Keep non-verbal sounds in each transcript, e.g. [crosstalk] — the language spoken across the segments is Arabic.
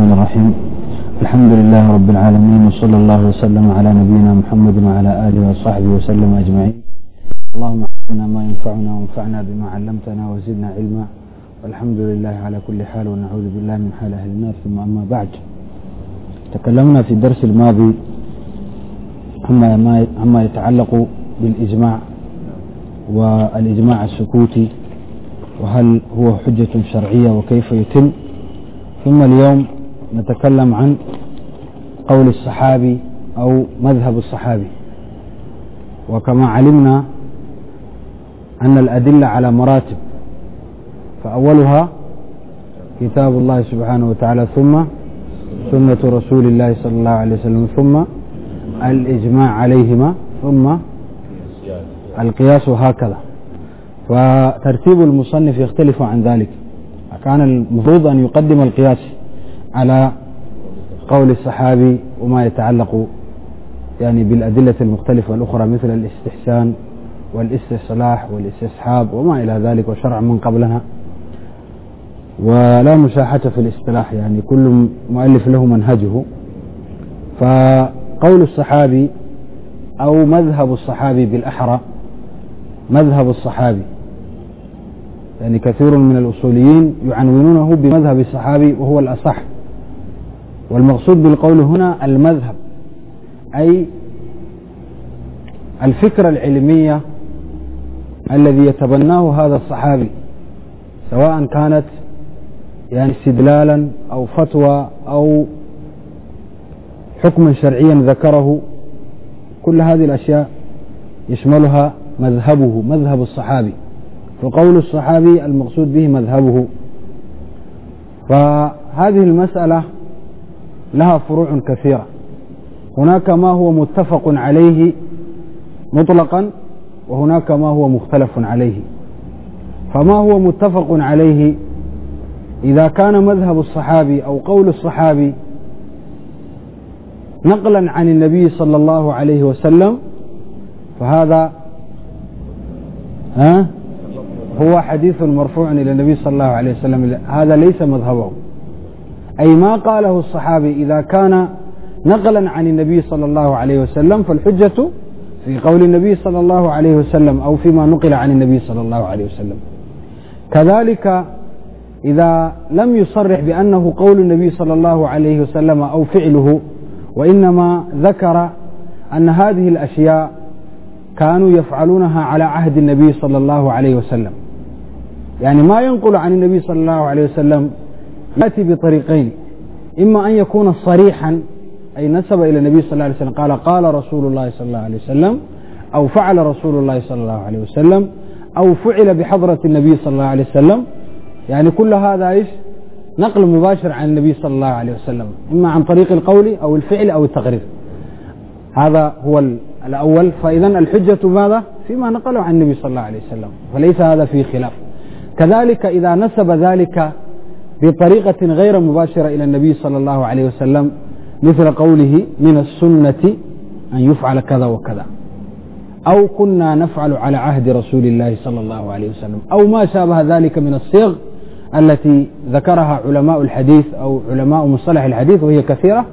الرحمن الرحيم الحمد لله رب العالمين وصلى الله وسلم على نبينا محمد وعلى آله وصحبه وسلم أجمعين اللهم علمنا ما ينفعنا وانفعنا بما علمتنا وزدنا علما والحمد لله على كل حال ونعوذ بالله من حال أهل النار ثم أما بعد تكلمنا في الدرس الماضي عما عما يتعلق بالإجماع والإجماع السكوتي وهل هو حجة شرعية وكيف يتم ثم اليوم نتكلم عن قول الصحابي أو مذهب الصحابي وكما علمنا أن الأدلة على مراتب فأولها كتاب الله سبحانه وتعالى ثم سنة رسول الله صلى الله عليه وسلم ثم الإجماع عليهما ثم القياس وهكذا فترتيب المصنف يختلف عن ذلك كان المفروض أن يقدم القياس على قول الصحابي وما يتعلق يعني بالأدلة المختلفة الأخرى مثل الاستحسان والاستصلاح والاستصحاب وما إلى ذلك وشرع من قبلنا ولا مساحة في الاصطلاح يعني كل مؤلف له منهجه فقول الصحابي أو مذهب الصحابي بالأحرى مذهب الصحابي يعني كثير من الأصوليين يعنونه بمذهب الصحابي وهو الأصح والمقصود بالقول هنا المذهب أي الفكرة العلمية الذي يتبناه هذا الصحابي سواء كانت يعني استدلالا أو فتوى أو حكما شرعيا ذكره كل هذه الأشياء يشملها مذهبه مذهب الصحابي فقول الصحابي المقصود به مذهبه فهذه المسألة لها فروع كثيرة هناك ما هو متفق عليه مطلقا وهناك ما هو مختلف عليه فما هو متفق عليه إذا كان مذهب الصحابي أو قول الصحابي نقلا عن النبي صلى الله عليه وسلم فهذا ها هو حديث مرفوع إلى النبي صلى الله عليه وسلم هذا ليس مذهبه أي ما قاله الصحابي إذا كان نقلا عن النبي صلى الله عليه وسلم فالحجة في قول النبي صلى الله عليه وسلم أو فيما نقل عن النبي صلى الله عليه وسلم كذلك إذا لم يصرح بأنه قول النبي صلى الله عليه وسلم أو فعله وإنما ذكر أن هذه الأشياء كانوا يفعلونها على عهد النبي صلى الله عليه وسلم يعني ما ينقل عن النبي صلى الله عليه وسلم يأتي بطريقين إما أن يكون صريحا أي نسب إلى النبي صلى الله عليه وسلم قال قال رسول الله صلى الله عليه وسلم أو فعل رسول الله صلى الله عليه وسلم أو فعل بحضرة النبي صلى الله عليه وسلم يعني كل هذا إيش نقل مباشر عن النبي صلى الله عليه وسلم إما عن طريق القول أو الفعل أو التقرير هذا هو الأول فإذا الحجة ماذا فيما نقله عن النبي صلى الله عليه وسلم فليس هذا في خلاف كذلك إذا نسب ذلك بطريقة غير مباشرة إلى النبي صلى الله عليه وسلم مثل قوله من السنة أن يفعل كذا وكذا أو كنا نفعل على عهد رسول الله صلى الله عليه وسلم أو ما شابه ذلك من الصيغ التي ذكرها علماء الحديث أو علماء مصطلح الحديث وهي كثيرة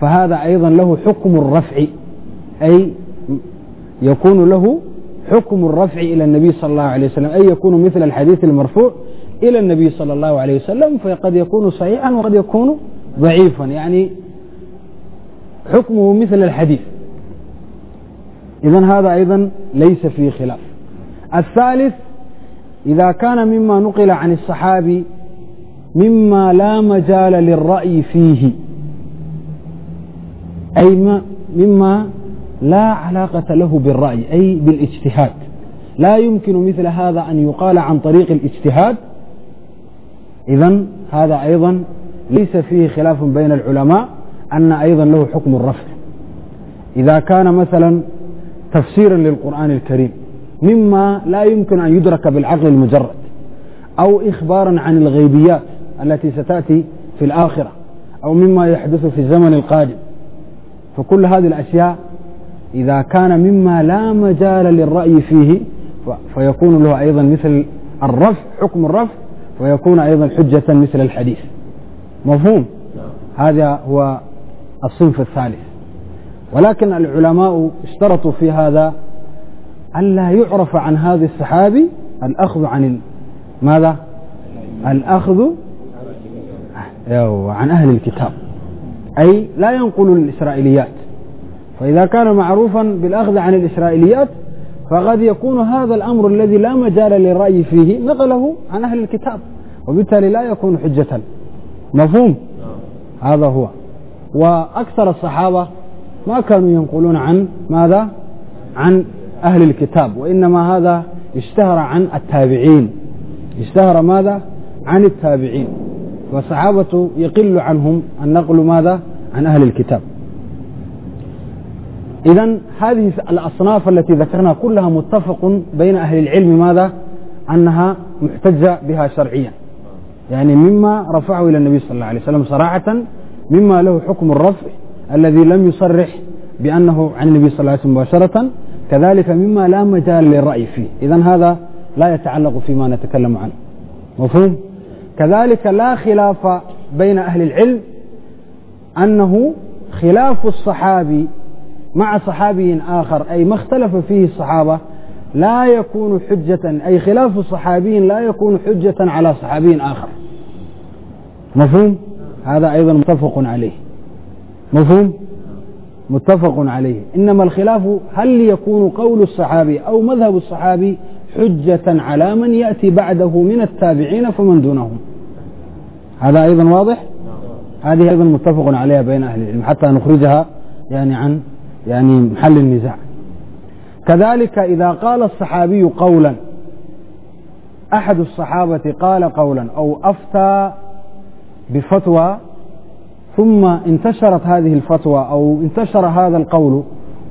فهذا أيضا له حكم الرفع أي يكون له حكم الرفع إلى النبي صلى الله عليه وسلم أي يكون مثل الحديث المرفوع إلى النبي صلى الله عليه وسلم فقد يكون صحيحا وقد يكون ضعيفا يعني حكمه مثل الحديث إذا هذا أيضا ليس فيه خلاف الثالث إذا كان مما نقل عن الصحابي مما لا مجال للرأي فيه أي مما لا علاقة له بالرأي أي بالاجتهاد لا يمكن مثل هذا أن يقال عن طريق الاجتهاد إذا هذا أيضا ليس فيه خلاف بين العلماء أن أيضا له حكم الرفع إذا كان مثلا تفسيرا للقرآن الكريم مما لا يمكن أن يدرك بالعقل المجرد أو إخبارا عن الغيبيات التي ستأتي في الآخرة أو مما يحدث في الزمن القادم فكل هذه الأشياء إذا كان مما لا مجال للرأي فيه فيكون له أيضا مثل الرفع حكم الرفض ويكون أيضا حجة مثل الحديث مفهوم هذا هو الصنف الثالث ولكن العلماء اشترطوا في هذا ألا يعرف عن هذا الصحابي الأخذ عن ماذا الأخذ أيوة، عن أهل الكتاب أي لا ينقل الإسرائيليات فإذا كان معروفا بالأخذ عن الإسرائيليات فقد يكون هذا الأمر الذي لا مجال للرأي فيه نقله عن أهل الكتاب وبالتالي لا يكون حجة مفهوم هذا هو وأكثر الصحابة ما كانوا ينقلون عن ماذا عن أهل الكتاب وإنما هذا اشتهر عن التابعين اشتهر ماذا عن التابعين والصحابة يقل عنهم النقل ماذا عن أهل الكتاب إذا هذه الأصناف التي ذكرنا كلها متفق بين أهل العلم ماذا أنها محتجة بها شرعيا يعني مما رفعه إلى النبي صلى الله عليه وسلم صراحة مما له حكم الرفع الذي لم يصرح بأنه عن النبي صلى الله عليه وسلم مباشرة كذلك مما لا مجال للرأي فيه إذا هذا لا يتعلق فيما نتكلم عنه مفهوم كذلك لا خلاف بين أهل العلم أنه خلاف الصحابي مع صحابي آخر أي ما اختلف فيه الصحابة لا يكون حجة أي خلاف صحابي لا يكون حجة على صحابي آخر مفهوم؟ هذا أيضا متفق عليه مفهوم؟ متفق عليه إنما الخلاف هل يكون قول الصحابي أو مذهب الصحابي حجة على من يأتي بعده من التابعين فمن دونهم هذا أيضا واضح هذه أيضا متفق عليها بين أهل العلم حتى نخرجها يعني عن يعني محل النزاع كذلك إذا قال الصحابي قولا أحد الصحابة قال قولا أو أفتى بفتوى ثم انتشرت هذه الفتوى أو انتشر هذا القول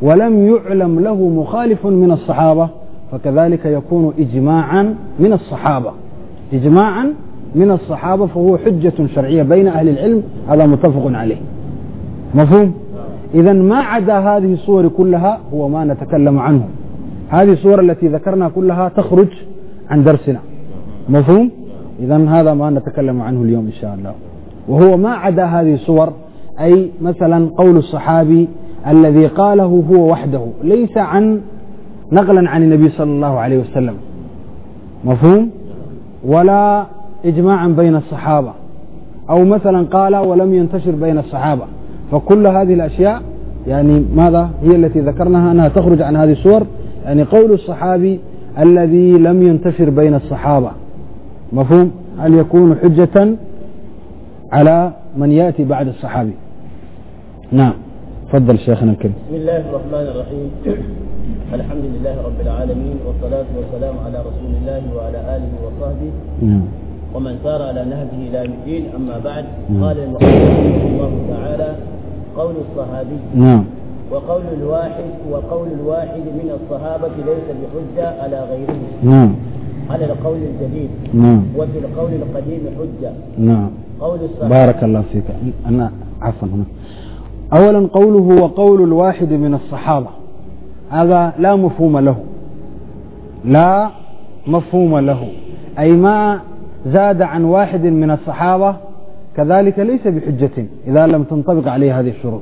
ولم يعلم له مخالف من الصحابة فكذلك يكون إجماعا من الصحابة إجماعا من الصحابة فهو حجة شرعية بين أهل العلم هذا متفق عليه مفهوم؟ إذا ما عدا هذه الصور كلها هو ما نتكلم عنه هذه الصور التي ذكرنا كلها تخرج عن درسنا مفهوم؟ إذا هذا ما نتكلم عنه اليوم إن شاء الله وهو ما عدا هذه الصور أي مثلا قول الصحابي الذي قاله هو وحده ليس عن نقلا عن النبي صلى الله عليه وسلم مفهوم؟ ولا إجماعا بين الصحابة أو مثلا قال ولم ينتشر بين الصحابة فكل هذه الأشياء يعني ماذا هي التي ذكرناها أنها تخرج عن هذه الصور يعني قول الصحابي الذي لم ينتشر بين الصحابة مفهوم هل يكون حجة على من يأتي بعد الصحابي نعم تفضل شيخنا الكريم بسم الله الرحمن الرحيم [clears throat] الحمد لله رب العالمين والصلاة والسلام على رسول الله وعلى آله وصحبه نعم. ومن سار على نهجه الى الدين اما بعد نعم. قال رحمه الله تعالى قول الصحابي نعم وقول الواحد وقول الواحد من الصحابة ليس بحجة على غيره نعم على القول الجديد نعم وفي القول القديم حجة نعم قول الصحابة بارك الله فيك أنا عفوا هنا أولا قوله وقول الواحد من الصحابة هذا لا مفهوم له لا مفهوم له أي ما زاد عن واحد من الصحابة كذلك ليس بحجة إذا لم تنطبق عليه هذه الشروط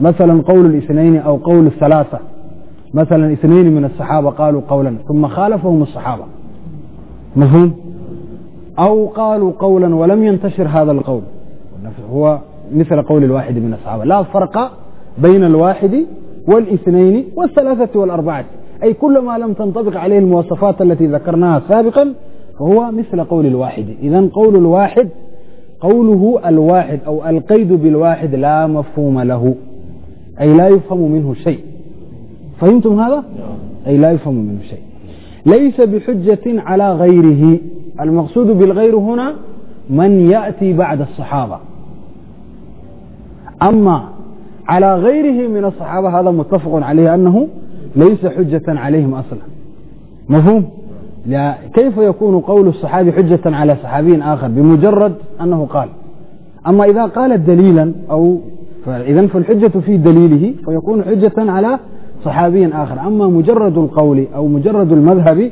مثلا قول الاثنين أو قول الثلاثة مثلا اثنين من الصحابة قالوا قولا ثم خالفهم الصحابة مفهوم أو قالوا قولا ولم ينتشر هذا القول هو مثل قول الواحد من الصحابة لا فرق بين الواحد والاثنين والثلاثة والأربعة أي كل ما لم تنطبق عليه المواصفات التي ذكرناها سابقا وهو مثل قول الواحد إذا قول الواحد قوله الواحد أو القيد بالواحد لا مفهوم له أي لا يفهم منه شيء فهمتم هذا؟ أي لا يفهم منه شيء ليس بحجة على غيره المقصود بالغير هنا من يأتي بعد الصحابة أما على غيره من الصحابة هذا متفق عليه أنه ليس حجة عليهم أصلا مفهوم؟ لا كيف يكون قول الصحابي حجة على صحابي آخر بمجرد أنه قال أما إذا قال دليلا أو فإذا فالحجة في دليله فيكون حجة على صحابي آخر أما مجرد القول أو مجرد المذهب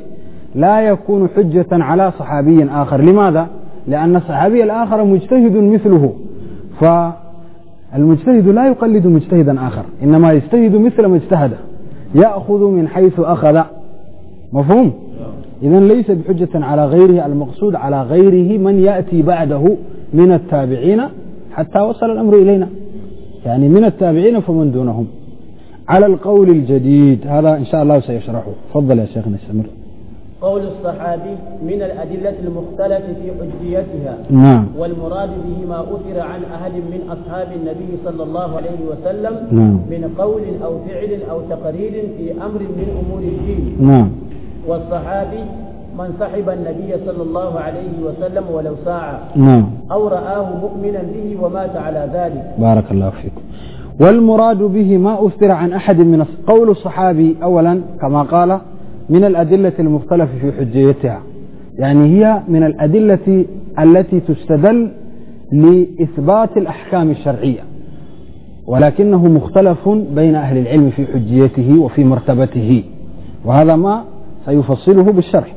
لا يكون حجة على صحابي آخر لماذا؟ لأن الصحابي الآخر مجتهد مثله فالمجتهد لا يقلد مجتهدا آخر إنما يجتهد مثل ما اجتهد يأخذ من حيث أخذ مفهوم؟ إذا ليس بحجة على غيره المقصود على غيره من يأتي بعده من التابعين حتى وصل الأمر إلينا يعني من التابعين فمن دونهم على القول الجديد هذا إن شاء الله سيشرحه تفضل يا شيخنا استمر قول الصحابي من الأدلة المختلفة في حجيتها نعم والمراد به ما أثر عن أحد من أصحاب النبي صلى الله عليه وسلم نعم من قول أو فعل أو تقرير في أمر من أمور الدين نعم والصحابي من صحب النبي صلى الله عليه وسلم ولو ساعة نعم أو رآه مؤمنا به ومات على ذلك بارك الله فيكم والمراد به ما أثر عن أحد من قول الصحابي أولا كما قال من الأدلة المختلف في حجيتها يعني هي من الأدلة التي تستدل لإثبات الأحكام الشرعية ولكنه مختلف بين أهل العلم في حجيته وفي مرتبته وهذا ما يفصله بالشرح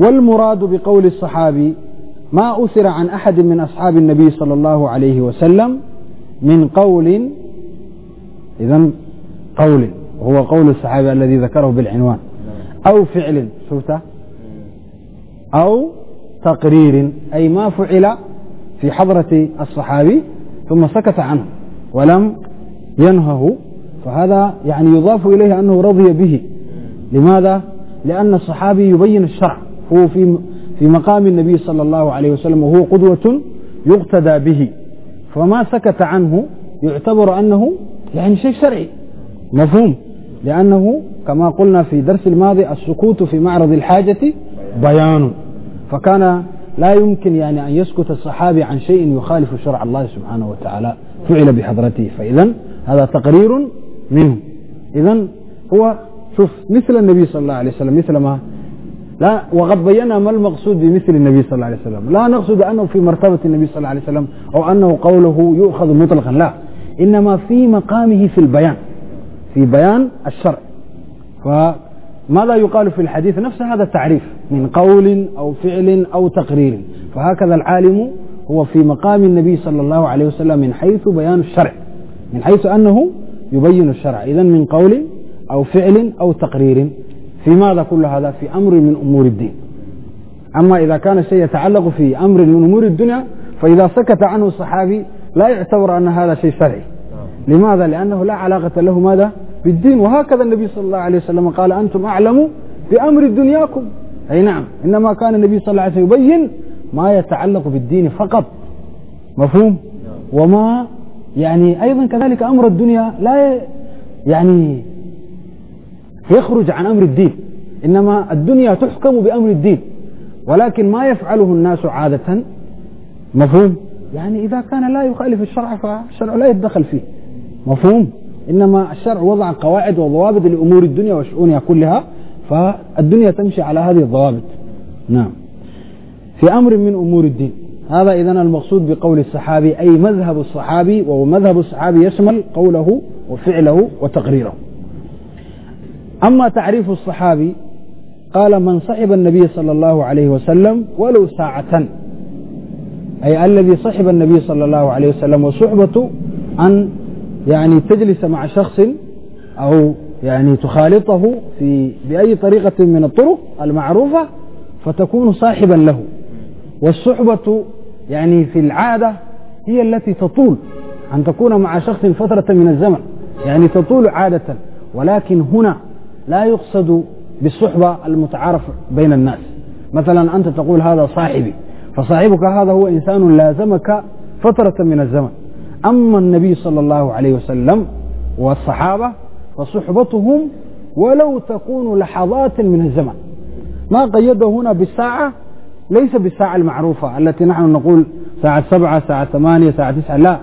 والمراد بقول الصحابي ما أثر عن أحد من أصحاب النبي صلى الله عليه وسلم من قول إذا قول وهو قول الصحابي الذي ذكره بالعنوان أو فعل شفته أو تقرير أي ما فعل في حضرة الصحابي ثم سكت عنه ولم ينهه فهذا يعني يضاف إليه أنه رضي به لماذا؟ لأن الصحابي يبين الشرع هو في في مقام النبي صلى الله عليه وسلم وهو قدوة يقتدى به فما سكت عنه يعتبر أنه يعني شيء شرعي مفهوم لأنه كما قلنا في درس الماضي السكوت في معرض الحاجة بيان فكان لا يمكن يعني أن يسكت الصحابي عن شيء يخالف شرع الله سبحانه وتعالى فعل بحضرته فإذا هذا تقرير منه إذا هو شوف مثل النبي صلى الله عليه وسلم مثل ما لا وقد بينا ما المقصود بمثل النبي صلى الله عليه وسلم لا نقصد أنه في مرتبة النبي صلى الله عليه وسلم أو أنه قوله يؤخذ مطلقا لا إنما في مقامه في البيان في بيان الشرع فماذا يقال في الحديث نفس هذا التعريف من قول أو فعل أو تقرير فهكذا العالم هو في مقام النبي صلى الله عليه وسلم من حيث بيان الشرع من حيث أنه يبين الشرع إذا من قول أو فعل أو تقرير في ماذا كل هذا في أمر من أمور الدين أما إذا كان الشيء يتعلق في أمر من أمور الدنيا فإذا سكت عنه الصحابي لا يعتبر أن هذا شيء شرعي لماذا؟ لأنه لا علاقة له ماذا؟ بالدين وهكذا النبي صلى الله عليه وسلم قال أنتم أعلم بأمر دنياكم أي نعم إنما كان النبي صلى الله عليه وسلم يبين ما يتعلق بالدين فقط مفهوم؟ نعم. وما يعني أيضا كذلك أمر الدنيا لا يعني يخرج عن أمر الدين إنما الدنيا تحكم بأمر الدين ولكن ما يفعله الناس عادة مفهوم يعني إذا كان لا يخالف الشرع فالشرع لا يتدخل فيه مفهوم إنما الشرع وضع قواعد وضوابط لأمور الدنيا وشؤونها كلها فالدنيا تمشي على هذه الضوابط نعم في أمر من أمور الدين هذا إذا المقصود بقول الصحابي أي مذهب الصحابي ومذهب الصحابي يشمل قوله وفعله وتقريره أما تعريف الصحابي قال من صحب النبي صلى الله عليه وسلم ولو ساعة أي الذي صحب النبي صلى الله عليه وسلم وصحبته أن يعني تجلس مع شخص أو يعني تخالطه في بأي طريقة من الطرق المعروفة فتكون صاحبا له والصحبة يعني في العادة هي التي تطول أن تكون مع شخص فترة من الزمن يعني تطول عادة ولكن هنا لا يقصد بالصحبة المتعارف بين الناس مثلا أنت تقول هذا صاحبي فصاحبك هذا هو إنسان لازمك فترة من الزمن أما النبي صلى الله عليه وسلم والصحابة فصحبتهم ولو تكون لحظات من الزمن ما قيده هنا بالساعة ليس بالساعة المعروفة التي نحن نقول ساعة سبعة ساعة ثمانية ساعة تسعة لا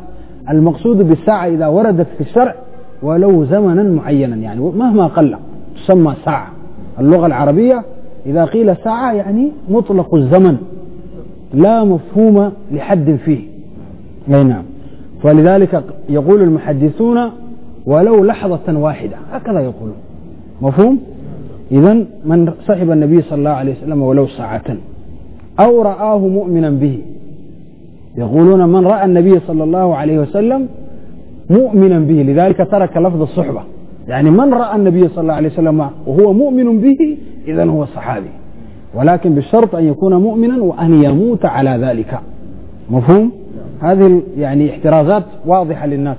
المقصود بالساعة إذا وردت في الشرع ولو زمنا معينا يعني مهما قل تسمى ساعة اللغة العربية إذا قيل ساعة يعني مطلق الزمن لا مفهوم لحد فيه أي نعم فلذلك يقول المحدثون ولو لحظة واحدة هكذا يقولون مفهوم إذا من صحب النبي صلى الله عليه وسلم ولو ساعة أو رآه مؤمنا به يقولون من رأى النبي صلى الله عليه وسلم مؤمنا به لذلك ترك لفظ الصحبة يعني من رأى النبي صلى الله عليه وسلم وهو مؤمن به إذا هو صحابي ولكن بالشرط أن يكون مؤمنا وأن يموت على ذلك مفهوم؟ هذه يعني احترازات واضحة للناس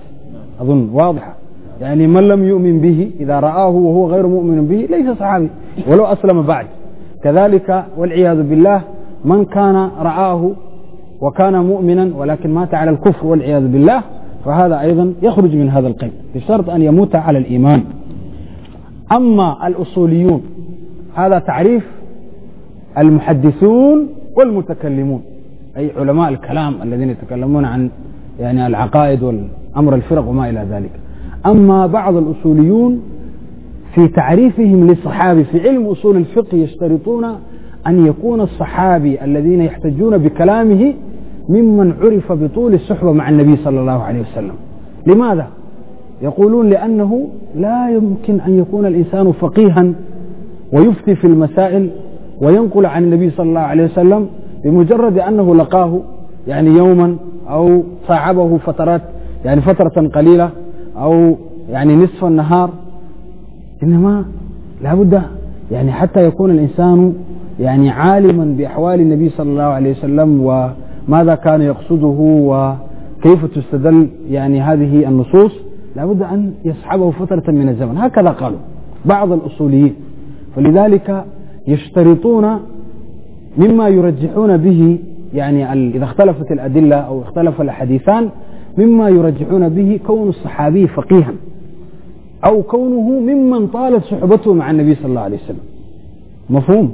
أظن واضحة يعني من لم يؤمن به إذا رآه وهو غير مؤمن به ليس صحابي ولو أسلم بعد كذلك والعياذ بالله من كان رآه وكان مؤمنا ولكن مات على الكفر والعياذ بالله فهذا أيضا يخرج من هذا القيد بشرط أن يموت على الإيمان أما الأصوليون هذا تعريف المحدثون والمتكلمون أي علماء الكلام الذين يتكلمون عن يعني العقائد والأمر الفرق وما إلى ذلك أما بعض الأصوليون في تعريفهم للصحابي في علم أصول الفقه يشترطون أن يكون الصحابي الذين يحتجون بكلامه ممن عرف بطول الصحبة مع النبي صلى الله عليه وسلم لماذا؟ يقولون لأنه لا يمكن أن يكون الإنسان فقيها ويفتي في المسائل وينقل عن النبي صلى الله عليه وسلم بمجرد أنه لقاه يعني يوما أو صعبه فترات يعني فترة قليلة أو يعني نصف النهار إنما لابد يعني حتى يكون الإنسان يعني عالما بأحوال النبي صلى الله عليه وسلم و ماذا كان يقصده وكيف تستدل يعني هذه النصوص لابد أن يصحبه فترة من الزمن هكذا قالوا بعض الأصوليين فلذلك يشترطون مما يرجحون به يعني إذا اختلفت الأدلة أو اختلف الحديثان مما يرجحون به كون الصحابي فقيها أو كونه ممن طالت صحبته مع النبي صلى الله عليه وسلم مفهوم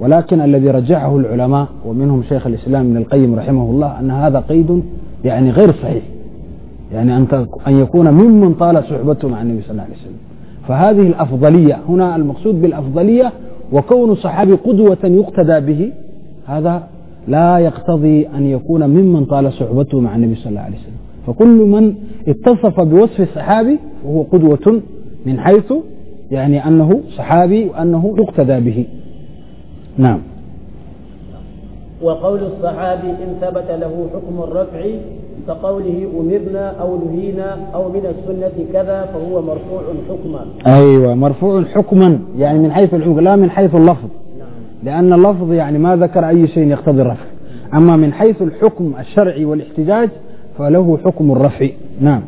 ولكن الذي رجحه العلماء ومنهم شيخ الإسلام ابن القيم رحمه الله أن هذا قيد يعني غير صحيح يعني أن أن يكون ممن طال صحبته مع النبي صلى الله عليه وسلم فهذه الأفضلية هنا المقصود بالأفضلية وكون صحابي قدوة يقتدى به هذا لا يقتضي أن يكون ممن طال صحبته مع النبي صلى الله عليه وسلم فكل من اتصف بوصف الصحابي فهو قدوة من حيث يعني أنه صحابي وأنه يقتدى به نعم وقول الصحابي إن ثبت له حكم الرفع كقوله أمرنا أو نهينا أو من السنة كذا فهو مرفوع حكما أيوة مرفوع حكما يعني من حيث الحكم لا من حيث اللفظ نعم. لأن اللفظ يعني ما ذكر أي شيء يقتضي الرفع أما من حيث الحكم الشرعي والاحتجاج فله حكم الرفع نعم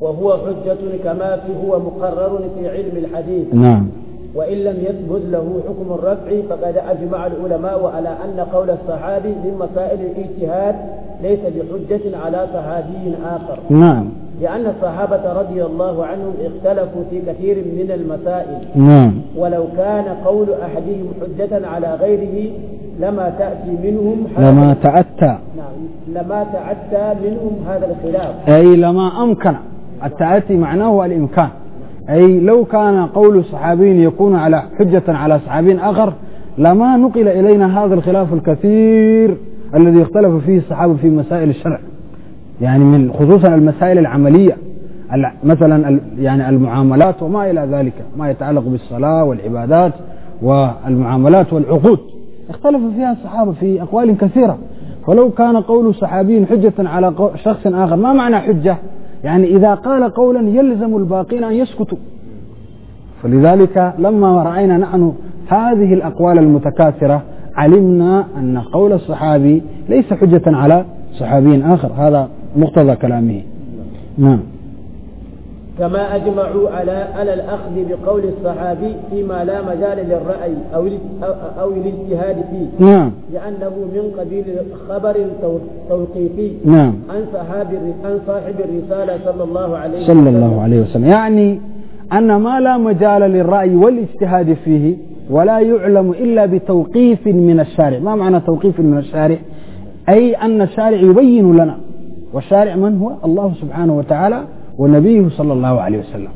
وهو حجة كما في هو مقرر في علم الحديث نعم وإن لم يثبت له حكم الرفع فقد أجمع العلماء على أن قول الصحابي من مسائل الاجتهاد ليس بحجة على صحابي آخر نعم لأن الصحابة رضي الله عنهم اختلفوا في كثير من المسائل نعم ولو كان قول أحدهم حجة على غيره لما تأتي منهم لما تأتى نعم لما تأتى منهم هذا الخلاف أي لما أمكن التأتي معناه الإمكان أي لو كان قول الصحابين يكون على حجة على صحابي آخر لما نقل إلينا هذا الخلاف الكثير الذي اختلف فيه الصحابة في مسائل الشرع يعني من خصوصا المسائل العملية مثلا يعني المعاملات وما إلى ذلك ما يتعلق بالصلاة والعبادات والمعاملات والعقود اختلف فيها الصحابة في أقوال كثيرة فلو كان قول صحابي حجة على شخص آخر ما معنى حجة يعني إذا قال قولا يلزم الباقين أن يسكتوا فلذلك لما رأينا نحن هذه الأقوال المتكاثرة علمنا أن قول الصحابي ليس حجة على صحابي آخر هذا مقتضى كلامه نعم كما أجمعوا على على الأخذ بقول الصحابي فيما لا مجال للرأي أو أو الاجتهاد فيه نعم لأنه من قبيل خبر توقيفي نعم عن صحابي عن صاحب الرسالة صلى الله عليه وسلم صلى الله عليه وسلم يعني أن ما لا مجال للرأي والاجتهاد فيه ولا يعلم إلا بتوقيف من الشارع ما معنى توقيف من الشارع أي أن الشارع يبين لنا والشارع من هو الله سبحانه وتعالى ونبيه صلى الله عليه وسلم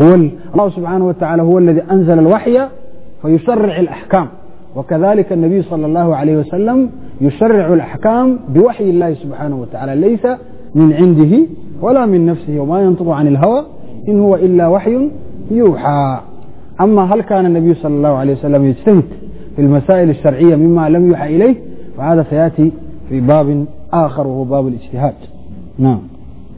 هو الله سبحانه وتعالى هو الذي أنزل الوحي فيشرع الأحكام وكذلك النبي صلى الله عليه وسلم يشرع الأحكام بوحي الله سبحانه وتعالى ليس من عنده ولا من نفسه وما ينطق عن الهوى إن هو إلا وحي يوحى أما هل كان النبي صلى الله عليه وسلم يجتهد في المسائل الشرعية مما لم يوحى إليه فهذا سيأتي في باب آخر وهو باب الاجتهاد نعم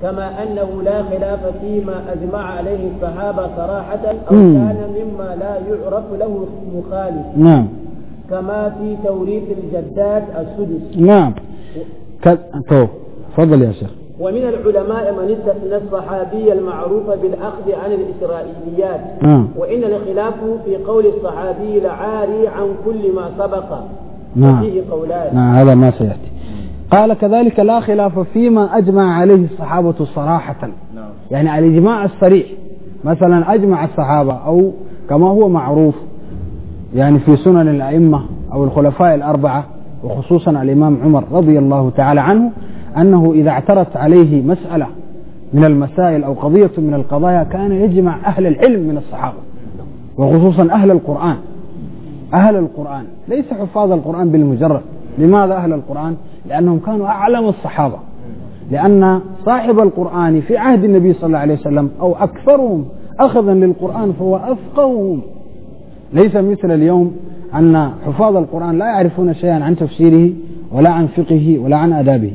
كما أنه لا خلاف فيما أجمع عليه الصحابة صراحة أو كان مما لا يعرف له مخالف نعم كما في توريث الجداد السدس نعم تو تفضل يا شيخ ومن العلماء من استثنى الصحابي المعروف بالأخذ عن الإسرائيليات نعم. وإن الخلاف في قول الصحابي لعاري عن كل ما سبق نعم فيه قولان نعم هذا ما سيأتي قال كذلك لا خلاف فيما أجمع عليه الصحابة صراحة نعم. يعني الإجماع الصريح مثلا أجمع الصحابة أو كما هو معروف يعني في سنن الأئمة أو الخلفاء الأربعة وخصوصا الإمام عمر رضي الله تعالى عنه أنه إذا اعترت عليه مسألة من المسائل أو قضية من القضايا كان يجمع أهل العلم من الصحابة وخصوصا أهل القرآن أهل القرآن ليس حفاظ القرآن بالمجرد لماذا أهل القرآن لأنهم كانوا أعلم الصحابة لأن صاحب القرآن في عهد النبي صلى الله عليه وسلم أو أكثرهم أخذا للقرآن فهو أفقههم ليس مثل اليوم أن حفاظ القرآن لا يعرفون شيئا عن تفسيره ولا عن فقهه ولا عن آدابه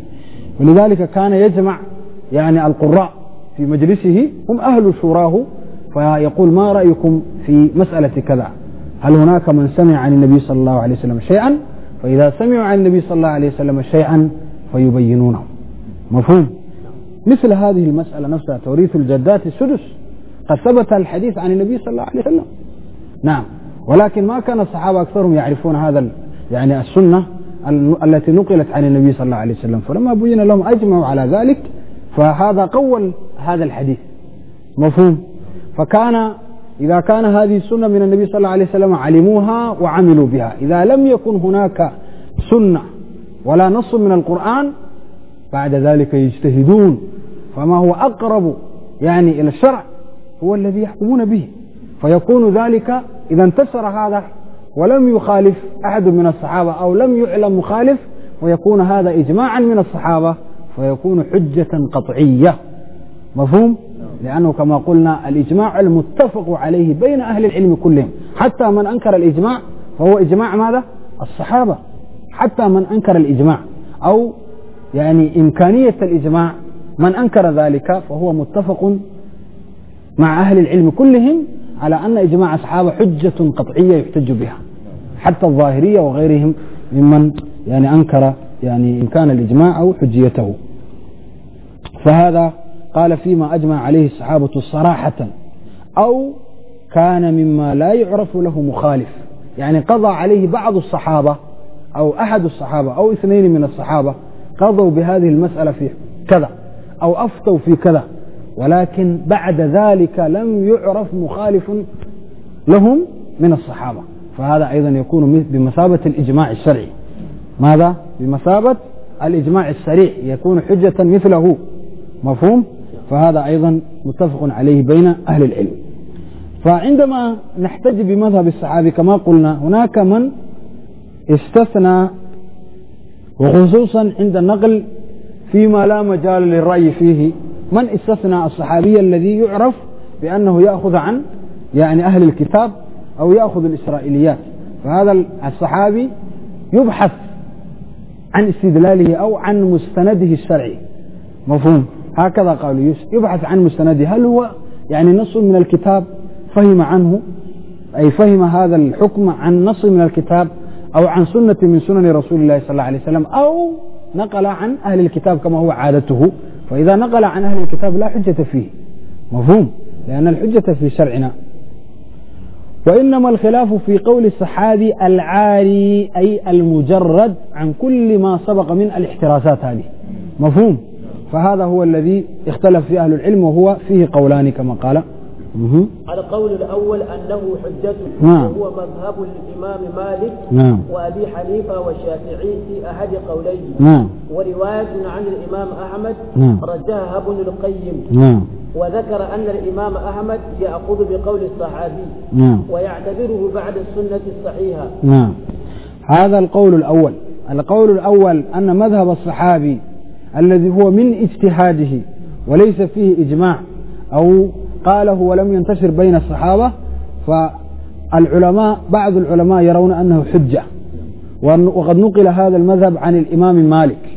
ولذلك كان يجمع يعني القراء في مجلسه هم أهل شوراه فيقول ما رأيكم في مسألة كذا هل هناك من سمع عن النبي صلى الله عليه وسلم شيئا فإذا سمعوا عن النبي صلى الله عليه وسلم شيئا فيبينونه مفهوم مثل هذه المسألة نفسها توريث الجدات السدس قد ثبت الحديث عن النبي صلى الله عليه وسلم نعم ولكن ما كان الصحابة أكثرهم يعرفون هذا يعني السنة التي نقلت عن النبي صلى الله عليه وسلم فلما بين لهم أجمعوا على ذلك فهذا قول هذا الحديث مفهوم فكان إذا كان هذه السنة من النبي صلى الله عليه وسلم علموها وعملوا بها إذا لم يكن هناك سنة ولا نص من القرآن بعد ذلك يجتهدون فما هو أقرب يعني إلى الشرع هو الذي يحكمون به فيكون ذلك إذا انتشر هذا ولم يخالف أحد من الصحابة أو لم يعلم مخالف ويكون هذا إجماعا من الصحابة فيكون حجة قطعية مفهوم؟ لأنه كما قلنا الإجماع المتفق عليه بين أهل العلم كلهم حتى من أنكر الإجماع فهو إجماع ماذا؟ الصحابة حتى من أنكر الإجماع أو يعني إمكانية الإجماع من أنكر ذلك فهو متفق مع أهل العلم كلهم على أن إجماع أصحابه حجة قطعية يحتج بها حتى الظاهرية وغيرهم ممن يعني أنكر يعني إمكان الإجماع أو حجيته فهذا قال فيما أجمع عليه الصحابة صراحة أو كان مما لا يعرف له مخالف يعني قضى عليه بعض الصحابة أو أحد الصحابة أو اثنين من الصحابة قضوا بهذه المسألة في كذا أو أفتوا في كذا ولكن بعد ذلك لم يعرف مخالف لهم من الصحابة فهذا أيضا يكون بمثابة الإجماع الشرعي ماذا؟ بمثابة الإجماع السريع يكون حجة مثله مفهوم؟ فهذا أيضا متفق عليه بين أهل العلم فعندما نحتج بمذهب الصحابي كما قلنا هناك من استثنى وخصوصا عند النقل فيما لا مجال للرأي فيه من استثنى الصحابي الذي يعرف بأنه يأخذ عن يعني أهل الكتاب أو يأخذ الإسرائيليات فهذا الصحابي يبحث عن استدلاله أو عن مستنده الشرعي مفهوم هكذا قال يوسف يبحث عن مستنده هل هو يعني نص من الكتاب فهم عنه أي فهم هذا الحكم عن نص من الكتاب أو عن سنة من سنن رسول الله صلى الله عليه وسلم أو نقل عن أهل الكتاب كما هو عادته فإذا نقل عن أهل الكتاب لا حجة فيه مفهوم لأن الحجة في شرعنا وإنما الخلاف في قول الصحابي العاري أي المجرد عن كل ما سبق من الاحتراسات هذه مفهوم فهذا هو الذي اختلف فيه أهل العلم وهو فيه قولان كما قال القول الأول أنه حجته نعم. وهو مذهب الإمام مالك نعم. وأبي حنيفة والشافعي في أحد قوليه نعم. ورواية عن الإمام أحمد نعم. رجاها ابن القيم نعم. وذكر أن الإمام أحمد يأخذ بقول الصحابي نعم. ويعتبره بعد السنة الصحيحة نعم. هذا القول الأول القول الأول أن مذهب الصحابي الذي هو من اجتهاده وليس فيه إجماع أو قاله ولم ينتشر بين الصحابة فالعلماء بعض العلماء يرون أنه حجة وقد نقل هذا المذهب عن الإمام مالك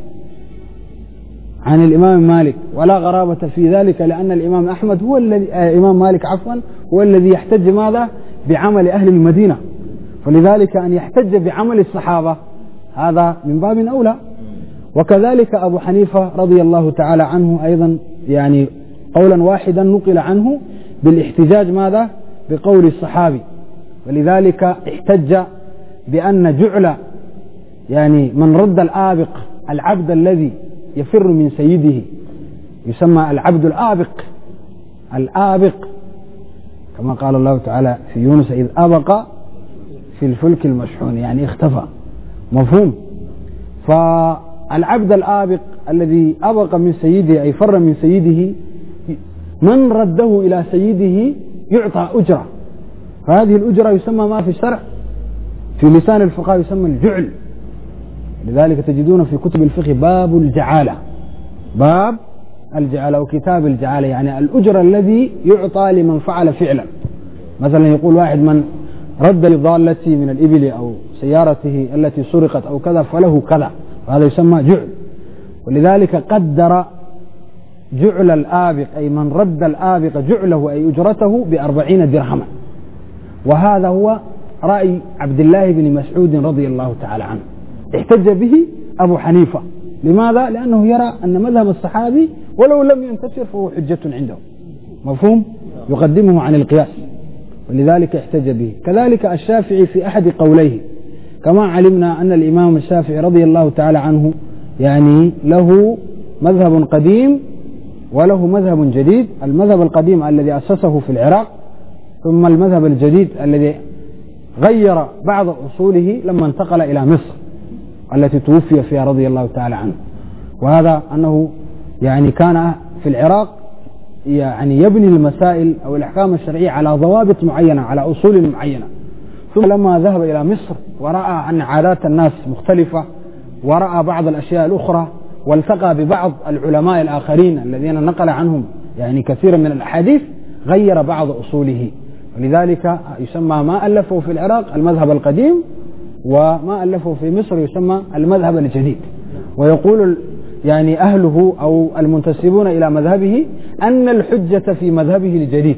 عن الإمام مالك ولا غرابة في ذلك لأن الإمام أحمد هو الذي آه، الإمام مالك عفوا هو الذي يحتج ماذا بعمل أهل المدينة فلذلك أن يحتج بعمل الصحابة هذا من باب أولى وكذلك أبو حنيفة رضي الله تعالى عنه أيضا يعني قولا واحدا نقل عنه بالاحتجاج ماذا بقول الصحابي ولذلك احتج بأن جعل يعني من رد الآبق العبد الذي يفر من سيده يسمى العبد الآبق الآبق كما قال الله تعالى في يونس إذ أبق في الفلك المشحون يعني اختفى مفهوم ف العبد الآبق الذي أبق من سيده أي فر من سيده من رده إلى سيده يعطى أجرة فهذه الأجرة يسمى ما في الشرع في لسان الفقهاء يسمى الجعل لذلك تجدون في كتب الفقه باب الجعالة باب الجعالة وكتاب الجعالة يعني الأجر الذي يعطى لمن فعل فعلا مثلا يقول واحد من رد لضالتي من الإبل أو سيارته التي سرقت أو كذا فله كذا وهذا يسمى جعل ولذلك قدر جعل الآبق أي من رد الآبق جعله أي أجرته بأربعين درهما وهذا هو رأي عبد الله بن مسعود رضي الله تعالى عنه احتج به أبو حنيفة لماذا؟ لأنه يرى أن مذهب الصحابي ولو لم ينتشر فهو حجة عنده مفهوم؟ يقدمه عن القياس ولذلك احتج به كذلك الشافعي في أحد قوليه كما علمنا أن الإمام الشافعي رضي الله تعالى عنه يعني له مذهب قديم وله مذهب جديد المذهب القديم الذي أسسه في العراق ثم المذهب الجديد الذي غير بعض أصوله لما انتقل إلى مصر التي توفي فيها رضي الله تعالى عنه وهذا أنه يعني كان في العراق يعني يبني المسائل أو الأحكام الشرعية على ضوابط معينة على أصول معينة ثم لما ذهب إلى مصر ورأى أن عادات الناس مختلفة ورأى بعض الأشياء الأخرى والتقى ببعض العلماء الآخرين الذين نقل عنهم يعني كثيرا من الأحاديث غير بعض أصوله ولذلك يسمى ما ألفه في العراق المذهب القديم وما ألفه في مصر يسمى المذهب الجديد ويقول يعني أهله أو المنتسبون إلى مذهبه أن الحجة في مذهبه الجديد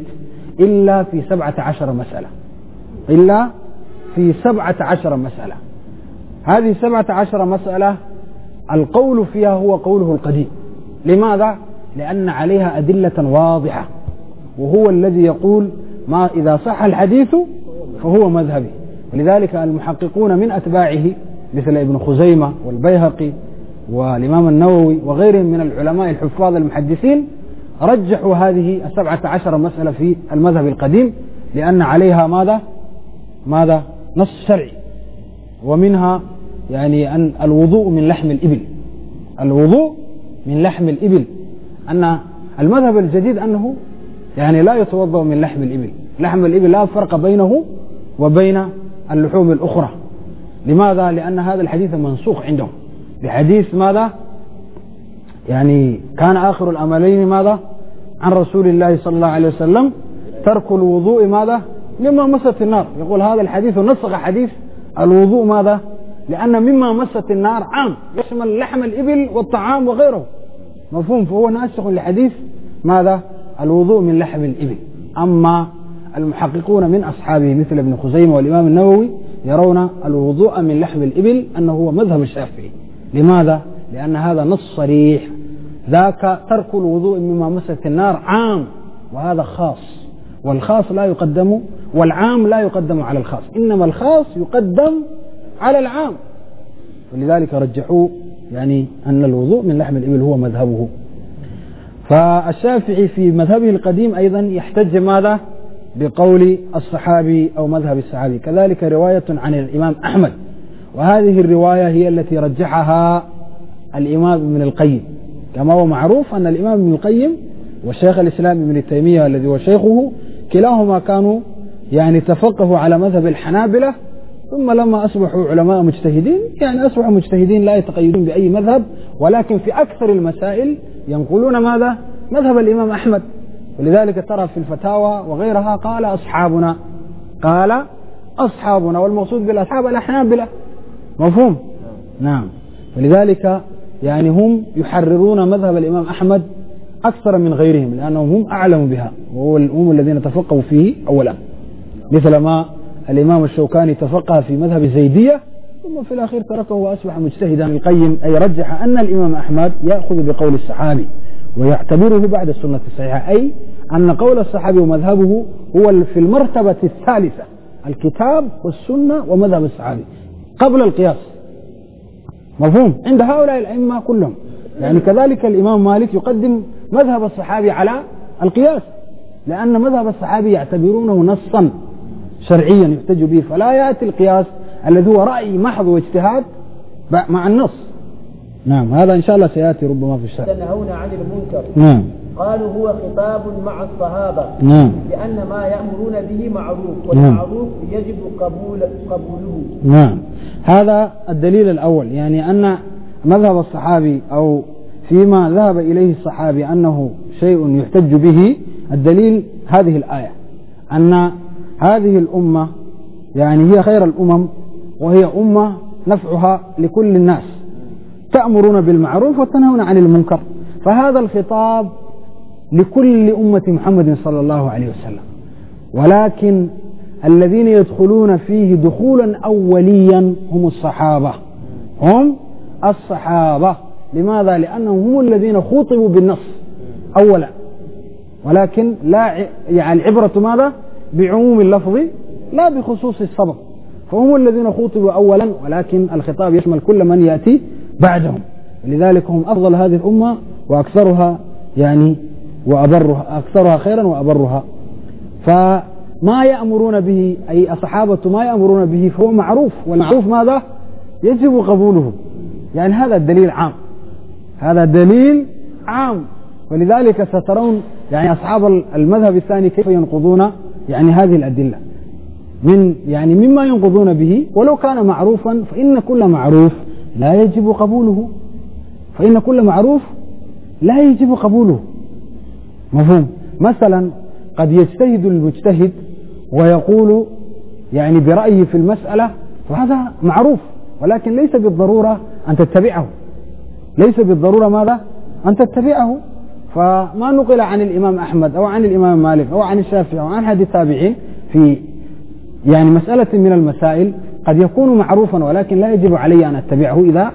إلا في سبعة عشر مسألة إلا في سبعة عشر مسألة هذه سبعة عشر مسألة القول فيها هو قوله القديم لماذا؟ لأن عليها أدلة واضحة وهو الذي يقول ما إذا صح الحديث فهو مذهبي ولذلك المحققون من أتباعه مثل ابن خزيمة والبيهقي والإمام النووي وغيرهم من العلماء الحفاظ المحدثين رجحوا هذه السبعة عشر مسألة في المذهب القديم لأن عليها ماذا ماذا نص شرعي ومنها يعني أن الوضوء من لحم الإبل الوضوء من لحم الإبل أن المذهب الجديد أنه يعني لا يتوضأ من لحم الإبل لحم الإبل لا فرق بينه وبين اللحوم الأخرى لماذا؟ لأن هذا الحديث منسوخ عندهم بحديث ماذا؟ يعني كان آخر الأملين ماذا؟ عن رسول الله صلى الله عليه وسلم ترك الوضوء ماذا؟ مما مست النار يقول هذا الحديث نسخ حديث الوضوء ماذا لأن مما مست النار عام يشمل لحم الإبل والطعام وغيره مفهوم فهو ناسخ لحديث ماذا الوضوء من لحم الإبل أما المحققون من أصحابه مثل ابن خزيمة والإمام النووي يرون الوضوء من لحم الإبل أنه هو مذهب الشافعي لماذا؟ لأن هذا نص صريح ذاك ترك الوضوء مما مست النار عام وهذا خاص والخاص لا يقدم والعام لا يقدم على الخاص إنما الخاص يقدم على العام ولذلك رجحوه يعني أن الوضوء من لحم الإبل هو مذهبه فالشافعي في مذهبه القديم أيضا يحتج ماذا بقول الصحابي أو مذهب الصحابي كذلك رواية عن الإمام أحمد وهذه الرواية هي التي رجحها الإمام ابن القيم كما هو معروف أن الإمام ابن القيم والشيخ الإسلام ابن تيمية الذي هو شيخه كلاهما كانوا يعني تفقهوا على مذهب الحنابلة ثم لما أصبحوا علماء مجتهدين يعني أصبحوا مجتهدين لا يتقيدون بأي مذهب ولكن في أكثر المسائل ينقلون ماذا مذهب الإمام أحمد ولذلك ترى في الفتاوى وغيرها قال أصحابنا قال أصحابنا والمقصود بالأصحاب الأحنابلة مفهوم نعم ولذلك يعني هم يحررون مذهب الإمام أحمد أكثر من غيرهم لأنهم هم أعلم بها وهم الذين تفقهوا فيه أولا مثل ما الإمام الشوكاني تفقه في مذهب الزيدية ثم في الأخير تركه وأصبح مجتهدا يقيم أي رجح أن الإمام أحمد يأخذ بقول الصحابي ويعتبره بعد السنة الصحيحة أي أن قول الصحابي ومذهبه هو في المرتبة الثالثة الكتاب والسنة ومذهب الصحابي قبل القياس مفهوم عند هؤلاء الأئمة كلهم يعني كذلك الإمام مالك يقدم مذهب الصحابي على القياس لأن مذهب الصحابي يعتبرونه نصا شرعيا يحتج به فلا يأتي القياس الذي هو رأي محض واجتهاد مع النص نعم هذا إن شاء الله سيأتي ربما في الشرع تنهون عن المنكر نعم قالوا هو خطاب مع الصحابة نعم لأن ما يأمرون به معروف نعم. والمعروف نعم. يجب قبول قبوله نعم هذا الدليل الأول يعني أن مذهب الصحابي أو فيما ذهب إليه الصحابي أنه شيء يحتج به الدليل هذه الآية أن هذه الأمة يعني هي خير الأمم وهي أمة نفعها لكل الناس تأمرون بالمعروف وتنهون عن المنكر فهذا الخطاب لكل أمة محمد صلى الله عليه وسلم ولكن الذين يدخلون فيه دخولا أوليا هم الصحابة هم الصحابة لماذا؟ لأنهم هم الذين خطبوا بالنص أولا ولكن لا يعني العبرة ماذا؟ بعموم اللفظ لا بخصوص الصبر فهم الذين خطبوا أولا ولكن الخطاب يشمل كل من يأتي بعدهم لذلك هم أفضل هذه الأمة وأكثرها يعني وأبرها أكثرها خيرا وأبرها فما يأمرون به أي الصحابة ما يأمرون به فهو معروف والمعروف ماذا يجب قبوله يعني هذا الدليل عام هذا دليل عام ولذلك سترون يعني أصحاب المذهب الثاني كيف ينقضون يعني هذه الأدلة من يعني مما ينقضون به ولو كان معروفا فإن كل معروف لا يجب قبوله فإن كل معروف لا يجب قبوله مفهوم مثلا قد يجتهد المجتهد ويقول يعني برأيه في المسألة وهذا معروف ولكن ليس بالضرورة أن تتبعه ليس بالضرورة ماذا أن تتبعه فما نقل عن الإمام أحمد أو عن الإمام مالك أو عن الشافعي أو عن أحد التابعين في يعني مسألة من المسائل قد يكون معروفا ولكن لا يجب علي أن أتبعه إذا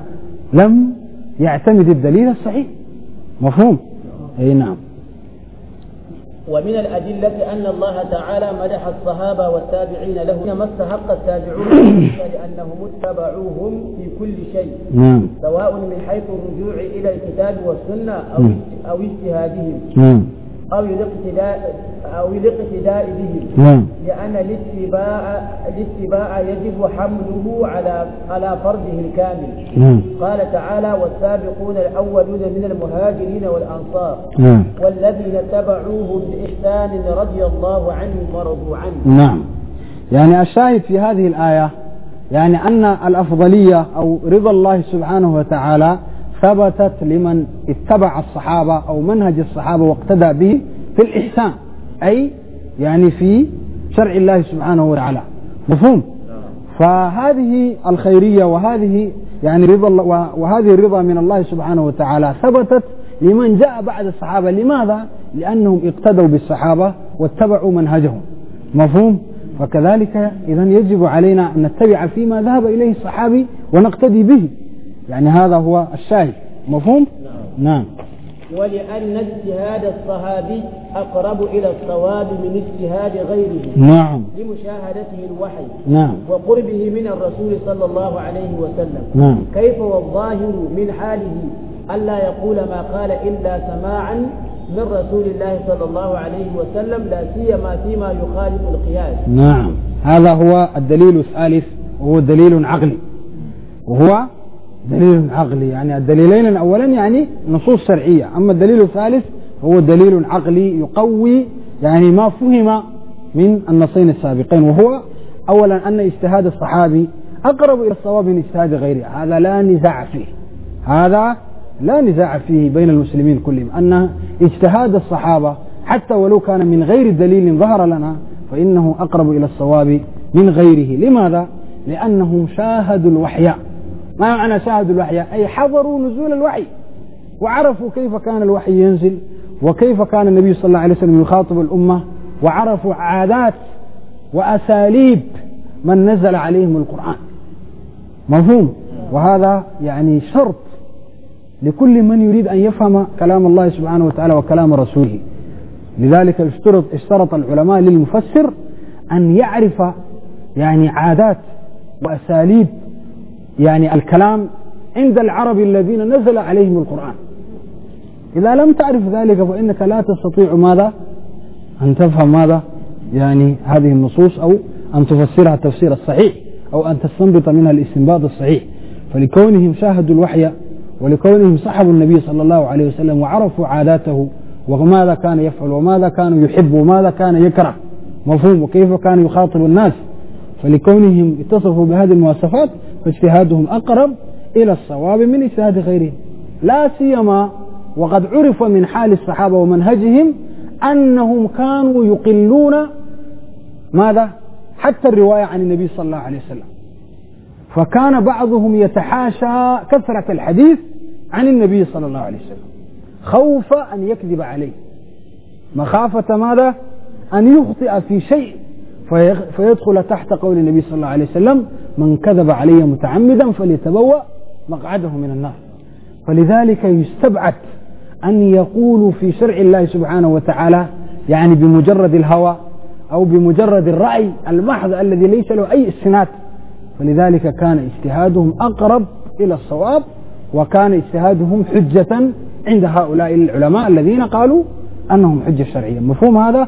لم يعتمد الدليل الصحيح مفهوم أي نعم ومن الأدلة أن الله تعالى مدح الصحابة والتابعين له إنما استحق التابعون لأنهم اتبعوهم في كل شيء نعم. سواء من حيث الرجوع إلى الكتاب والسنة أو نعم. اجتهادهم نعم. أو الاقتداء أو الاقتداء به نعم لأن الاتباع الاتباع يجب حمله على على فرده الكامل نعم قال تعالى والسابقون الأولون من المهاجرين والأنصار نعم والذين تبعوهم بإحسان رضي الله عنهم ورضوا عنه نعم يعني الشاهد في هذه الآية يعني أن الأفضلية أو رضا الله سبحانه وتعالى ثبتت لمن اتبع الصحابة أو منهج الصحابة واقتدى به في الإحسان أي يعني في شرع الله سبحانه وتعالى مفهوم فهذه الخيرية وهذه يعني رضا وهذه الرضا من الله سبحانه وتعالى ثبتت لمن جاء بعد الصحابة لماذا؟ لأنهم اقتدوا بالصحابة واتبعوا منهجهم مفهوم؟ فكذلك إذا يجب علينا أن نتبع فيما ذهب إليه الصحابي ونقتدي به يعني هذا هو الشاهد مفهوم؟ نعم, نعم. ولأن اجتهاد الصحابي أقرب إلى الصواب من اجتهاد غيره نعم لمشاهدته الوحي نعم وقربه من الرسول صلى الله عليه وسلم نعم كيف والظاهر من حاله ألا يقول ما قال إلا سماعا من رسول الله صلى الله عليه وسلم لا سيما فيما يخالف القياس نعم هذا هو الدليل الثالث وهو دليل عقلي وهو دليل عقلي يعني الدليلين الأولان يعني نصوص شرعية أما الدليل الثالث هو دليل عقلي يقوي يعني ما فهم من النصين السابقين وهو أولا أن اجتهاد الصحابي أقرب إلى الصواب من اجتهاد غيره هذا لا نزاع فيه هذا لا نزاع فيه بين المسلمين كلهم أن اجتهاد الصحابة حتى ولو كان من غير دليل ظهر لنا فإنه أقرب إلى الصواب من غيره لماذا؟ لأنهم شاهدوا الوحي ما معنى شاهد الوحي أي حضروا نزول الوحي وعرفوا كيف كان الوحي ينزل وكيف كان النبي صلى الله عليه وسلم يخاطب الأمة وعرفوا عادات وأساليب من نزل عليهم القرآن مفهوم وهذا يعني شرط لكل من يريد أن يفهم كلام الله سبحانه وتعالى وكلام رسوله لذلك اشترط اشترط العلماء للمفسر أن يعرف يعني عادات وأساليب يعني الكلام عند العرب الذين نزل عليهم القرآن إذا لم تعرف ذلك فإنك لا تستطيع ماذا أن تفهم ماذا يعني هذه النصوص أو أن تفسرها التفسير الصحيح أو أن تستنبط منها الاستنباط الصحيح فلكونهم شاهدوا الوحي ولكونهم صحبوا النبي صلى الله عليه وسلم وعرفوا عاداته وماذا كان يفعل وماذا كان يحب وماذا كان يكره مفهوم وكيف كان يخاطب الناس فلكونهم اتصفوا بهذه المواصفات فاجتهادهم أقرب إلى الصواب من اجتهاد غيرهم لا سيما وقد عرف من حال الصحابة ومنهجهم أنهم كانوا يقلون ماذا حتى الرواية عن النبي صلى الله عليه وسلم فكان بعضهم يتحاشى كثرة الحديث عن النبي صلى الله عليه وسلم خوف أن يكذب عليه مخافة ماذا أن يخطئ في شيء فيدخل تحت قول النبي صلى الله عليه وسلم من كذب علي متعمدا فليتبوأ مقعده من النار فلذلك يستبعد أن يقولوا في شرع الله سبحانه وتعالى يعني بمجرد الهوى أو بمجرد الرأي المحض الذي ليس له أي استناد فلذلك كان اجتهادهم أقرب إلى الصواب وكان اجتهادهم حجة عند هؤلاء العلماء الذين قالوا أنهم حجة شرعية مفهوم هذا؟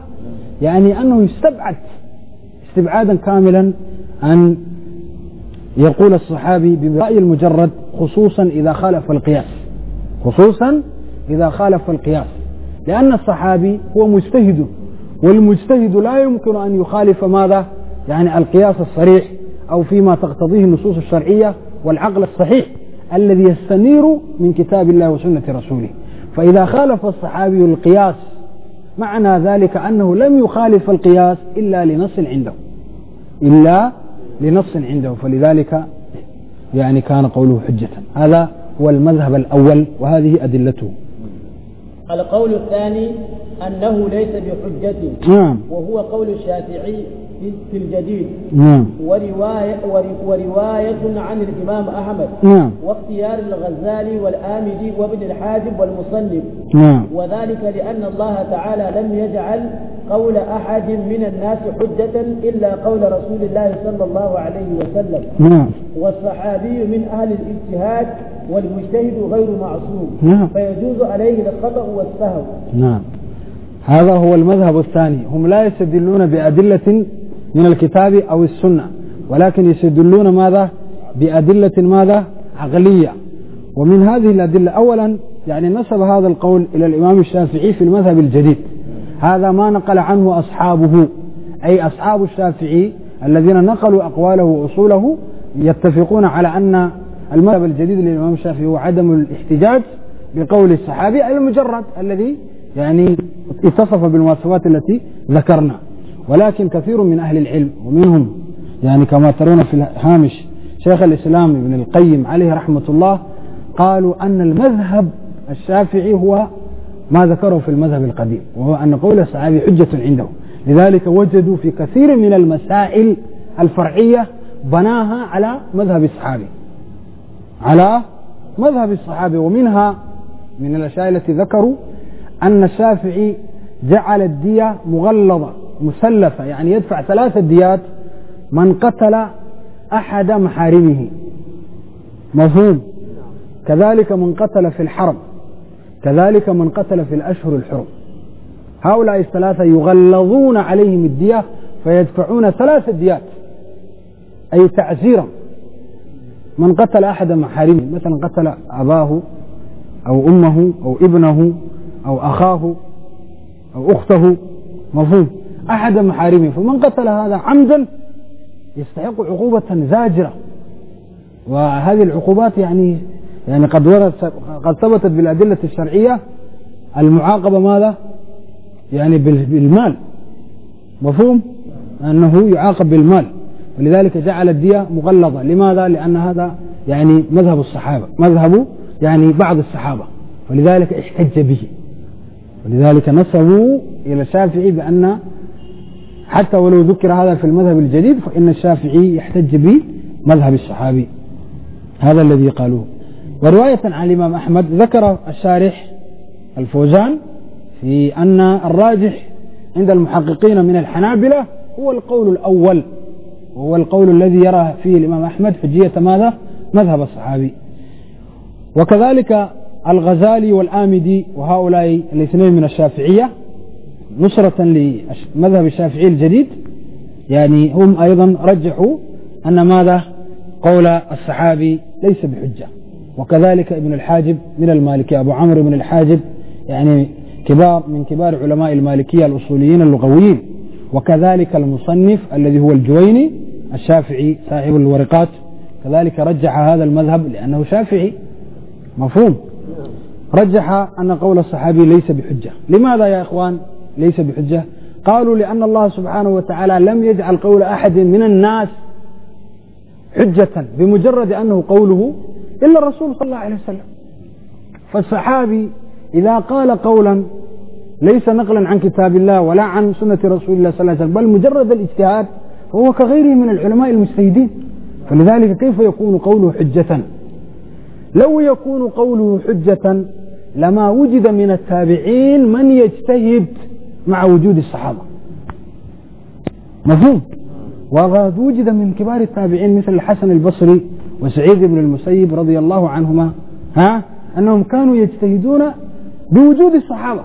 يعني أنه يستبعد استبعادا كاملا أن يقول الصحابي برأي المجرد خصوصا إذا خالف القياس خصوصا إذا خالف القياس لأن الصحابي هو مجتهد والمجتهد لا يمكن أن يخالف ماذا يعني القياس الصريح أو فيما تقتضيه النصوص الشرعية والعقل الصحيح الذي يستنير من كتاب الله وسنة رسوله فإذا خالف الصحابي القياس معنى ذلك أنه لم يخالف القياس إلا لنص عنده إلا لنص عنده فلذلك يعني كان قوله حجة هذا هو المذهب الأول وهذه أدلته القول الثاني أنه ليس بحجة نعم وهو قول الشافعي في الجديد نعم ورواية ورواية عن الإمام أحمد نعم واختيار الغزالي والآمدي وابن الحاجب والمصنف نعم وذلك لأن الله تعالى لم يجعل قول أحد من الناس حجة إلا قول رسول الله صلى الله عليه وسلم نعم والصحابي من أهل الاجتهاد والمجتهد غير معصوم نعم فيجوز عليه الخطأ والسهو نعم هذا هو المذهب الثاني هم لا يستدلون بأدلة من الكتاب أو السنة ولكن يستدلون ماذا بأدلة ماذا عقلية ومن هذه الأدلة أولا يعني نسب هذا القول إلى الإمام الشافعي في المذهب الجديد هذا ما نقل عنه أصحابه أي أصحاب الشافعي الذين نقلوا أقواله وأصوله يتفقون على أن المذهب الجديد للإمام الشافعي هو عدم الاحتجاج بقول الصحابي المجرد الذي يعني اتصف بالمواصفات التي ذكرنا ولكن كثير من أهل العلم ومنهم يعني كما ترون في الهامش شيخ الإسلام ابن القيم عليه رحمة الله قالوا أن المذهب الشافعي هو ما ذكره في المذهب القديم وهو أن قول الصحابي حجة عنده لذلك وجدوا في كثير من المسائل الفرعية بناها على مذهب الصحابي على مذهب الصحابي ومنها من الأشياء التي ذكروا أن الشافعي جعل الدية مغلظة مسلفة يعني يدفع ثلاثة ديات من قتل أحد محارمه مفهوم كذلك من قتل في الحرم كذلك من قتل في الأشهر الحرم هؤلاء الثلاثة يغلظون عليهم الدية فيدفعون ثلاثة ديات أي تعزيرا من قتل أحد محارمه مثلا قتل أباه أو أمه أو ابنه أو أخاه أو أخته مفهوم أحد محارمه فمن قتل هذا عمدا يستحق عقوبة زاجرة وهذه العقوبات يعني يعني قد ورد قد ثبتت بالأدلة الشرعية المعاقبة ماذا؟ يعني بالمال مفهوم؟ أنه يعاقب بالمال ولذلك جعل الدية مغلظة لماذا؟ لأن هذا يعني مذهب الصحابة مذهب يعني بعض الصحابة ولذلك احتج به ولذلك نسبوا إلى الشافعي بأن حتى ولو ذكر هذا في المذهب الجديد فإن الشافعي يحتج به مذهب الصحابي هذا الذي قالوه ورواية عن الإمام أحمد ذكر الشارح الفوزان في أن الراجح عند المحققين من الحنابلة هو القول الأول وهو القول الذي يرى فيه الإمام أحمد حجية ماذا؟ مذهب الصحابي وكذلك الغزالي والآمدي وهؤلاء الاثنين من الشافعية نصرة لمذهب الشافعي الجديد يعني هم أيضا رجحوا أن ماذا قول الصحابي ليس بحجة وكذلك ابن الحاجب من المالكية أبو عمرو بن الحاجب يعني كبار من كبار علماء المالكية الأصوليين اللغويين وكذلك المصنف الذي هو الجويني الشافعي صاحب الورقات كذلك رجح هذا المذهب لأنه شافعي مفهوم رجح أن قول الصحابي ليس بحجة لماذا يا إخوان ليس بحجة قالوا لأن الله سبحانه وتعالى لم يجعل قول أحد من الناس حجة بمجرد أنه قوله إلا الرسول صلى الله عليه وسلم فالصحابي إذا قال قولا ليس نقلا عن كتاب الله ولا عن سنة رسول الله صلى الله عليه وسلم بل مجرد الاجتهاد فهو كغيره من العلماء المجتهدين فلذلك كيف يكون قوله حجة لو يكون قوله حجة لما وجد من التابعين من يجتهد مع وجود الصحابة مفهوم وقد وجد من كبار التابعين مثل الحسن البصري وسعيد بن المسيب رضي الله عنهما ها أنهم كانوا يجتهدون بوجود الصحابة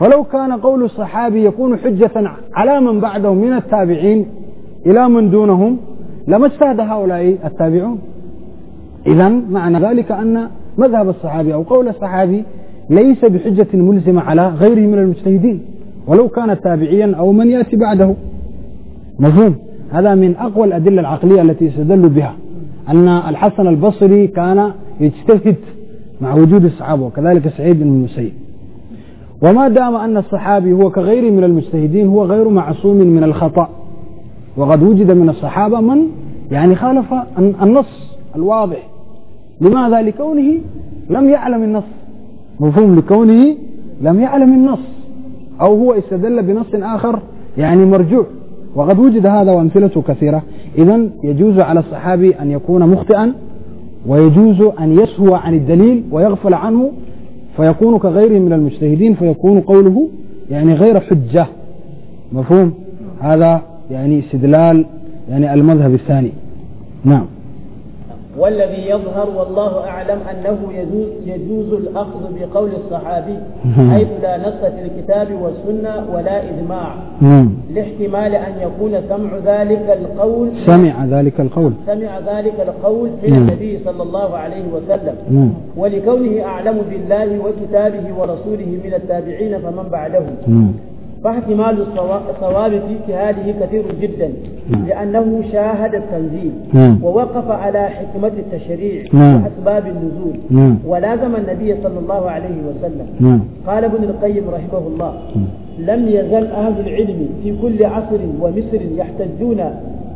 فلو كان قول الصحابي يكون حجة على من بعده من التابعين إلى من دونهم لما اجتهد هؤلاء التابعون إذا معنى ذلك أن مذهب الصحابي أو قول الصحابي ليس بحجة ملزمة على غيره من المجتهدين ولو كان تابعيا أو من يأتي بعده مفهوم هذا من أقوى الأدلة العقلية التي يستدل بها أن الحسن البصري كان يجتهد مع وجود الصحابة وكذلك سعيد بن المسيب وما دام أن الصحابي هو كغيره من المجتهدين هو غير معصوم من الخطأ وقد وجد من الصحابة من يعني خالف النص الواضح لماذا لكونه لم يعلم النص مفهوم لكونه لم يعلم النص أو هو استدل بنص آخر يعني مرجوع وقد وجد هذا وأمثلته كثيرة إذا يجوز على الصحابي أن يكون مخطئا ويجوز أن يسهو عن الدليل ويغفل عنه فيكون كغيره من المجتهدين فيكون قوله يعني غير حجة مفهوم هذا يعني استدلال يعني المذهب الثاني نعم والذي يظهر والله أعلم أنه يجوز, يجوز الأخذ بقول الصحابي حيث لا نص في الكتاب والسنة ولا إجماع لاحتمال أن يكون سمع ذلك القول سمع ذلك القول سمع ذلك القول من النبي صلى الله عليه وسلم ولكونه أعلم بالله وكتابه ورسوله من التابعين فمن بعدهم فاحتمال الصواب في اجتهاده كثير جدا نعم. لأنه شاهد التنزيل نعم. ووقف على حكمة التشريع نعم. وأسباب النزول ولازم النبي صلى الله عليه وسلم قال ابن القيم رحمه الله لم يزل أهل العلم في كل عصر ومصر يحتجون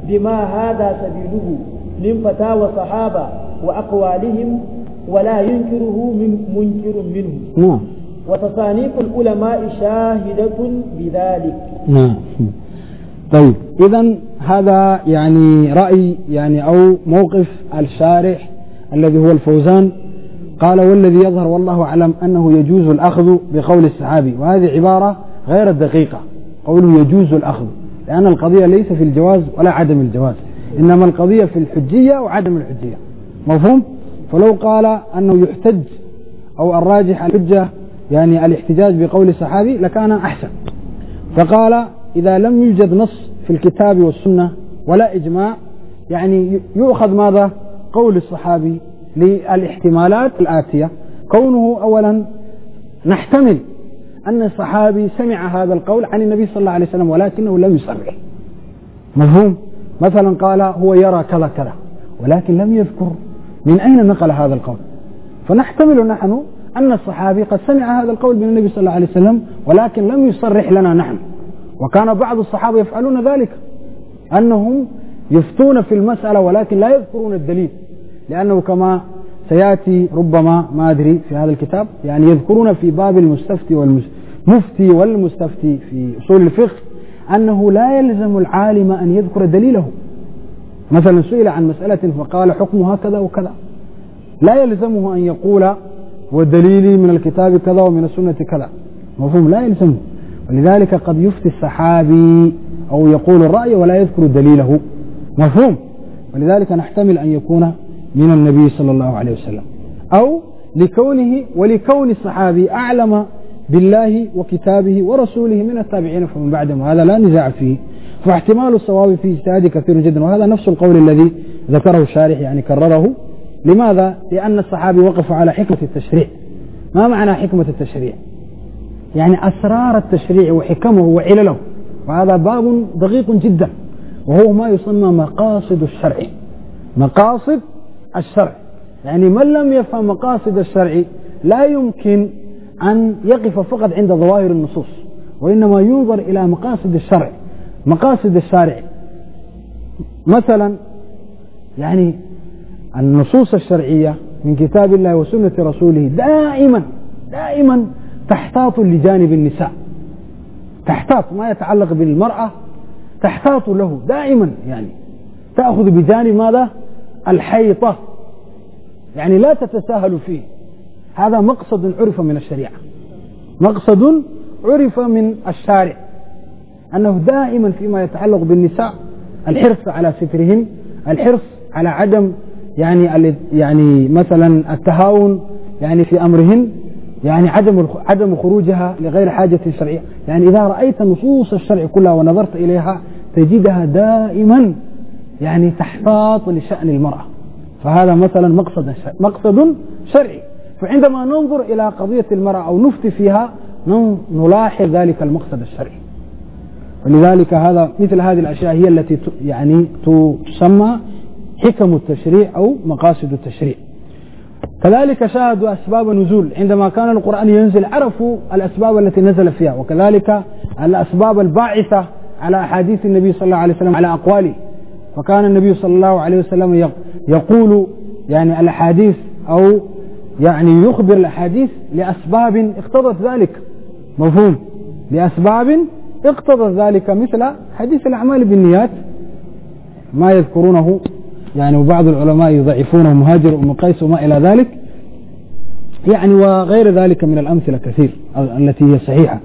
بما هذا سبيله من فتاوى الصحابة وأقوالهم ولا ينكره من منكر منهم وتصانيف العلماء شاهدة بذلك نعم طيب إذا هذا يعني رأي يعني أو موقف الشارح الذي هو الفوزان قال والذي يظهر والله أعلم أنه يجوز الأخذ بقول الصحابي وهذه عبارة غير الدقيقة قوله يجوز الأخذ لأن القضية ليس في الجواز ولا عدم الجواز إنما القضية في الحجية وعدم الحجية مفهوم؟ فلو قال أنه يحتج أو الراجح الحجة يعني الاحتجاج بقول الصحابي لكان أحسن فقال إذا لم يوجد نص في الكتاب والسنة ولا إجماع يعني يؤخذ ماذا قول الصحابي للاحتمالات الآتية كونه أولا نحتمل أن الصحابي سمع هذا القول عن النبي صلى الله عليه وسلم ولكنه لم يصرح مفهوم مثلا قال هو يرى كذا كذا ولكن لم يذكر من أين نقل هذا القول فنحتمل نحن أن الصحابي قد سمع هذا القول من النبي صلى الله عليه وسلم ولكن لم يصرح لنا نحن وكان بعض الصحابة يفعلون ذلك أنهم يفتون في المسألة ولكن لا يذكرون الدليل لأنه كما سيأتي ربما ما أدري في هذا الكتاب يعني يذكرون في باب المستفتي والمفتي والمستفتي في أصول الفقه أنه لا يلزم العالم أن يذكر دليله مثلا سئل عن مسألة فقال حكمها كذا وكذا لا يلزمه أن يقول ودليلي من الكتاب كذا ومن السنة كذا مفهوم لا يلزمه ولذلك قد يفتي الصحابي أو يقول الرأي ولا يذكر دليله مفهوم ولذلك نحتمل أن يكون من النبي صلى الله عليه وسلم أو لكونه ولكون الصحابي أعلم بالله وكتابه ورسوله من التابعين فمن بعدهم هذا لا نزاع فيه فاحتمال الصواب في اجتهاد كثير جدا وهذا نفس القول الذي ذكره الشارح يعني كرره لماذا؟ لأن الصحابي وقفوا على حكمة التشريع ما معنى حكمة التشريع؟ يعني أسرار التشريع وحكمه وعلله وهذا باب دقيق جدا وهو ما يسمى مقاصد الشرع مقاصد الشرع يعني من لم يفهم مقاصد الشرع لا يمكن أن يقف فقط عند ظواهر النصوص وإنما ينظر إلى مقاصد الشرع مقاصد الشارع مثلا يعني النصوص الشرعية من كتاب الله وسنة رسوله دائما دائما تحتاط لجانب النساء تحتاط ما يتعلق بالمرأة تحتاط له دائما يعني تأخذ بجانب ماذا الحيطة يعني لا تتساهل فيه هذا مقصد عرف من الشريعة مقصد عرف من الشارع أنه دائما فيما يتعلق بالنساء الحرص على سترهن الحرص على عدم يعني يعني مثلا التهاون يعني في أمرهن يعني عدم عدم خروجها لغير حاجة شرعية يعني إذا رأيت نصوص الشرع كلها ونظرت إليها تجدها دائما يعني تحتاط لشأن المرأة فهذا مثلا مقصد مقصد شرعي فعندما ننظر إلى قضية المرأة أو نفتي فيها نلاحظ ذلك المقصد الشرعي ولذلك هذا مثل هذه الأشياء هي التي يعني تسمى حكم التشريع أو مقاصد التشريع كذلك شاهدوا أسباب نزول عندما كان القرآن ينزل عرفوا الأسباب التي نزل فيها وكذلك الأسباب الباعثة على أحاديث النبي صلى الله عليه وسلم على أقواله فكان النبي صلى الله عليه وسلم يقول يعني الأحاديث أو يعني يخبر الأحاديث لأسباب اقتضت ذلك مفهوم لأسباب اقتضت ذلك مثل حديث الأعمال بالنيات ما يذكرونه يعني وبعض العلماء يضعفونه مهاجر ام قيس وما إلى ذلك يعني وغير ذلك من الأمثلة كثير التي هي صحيحة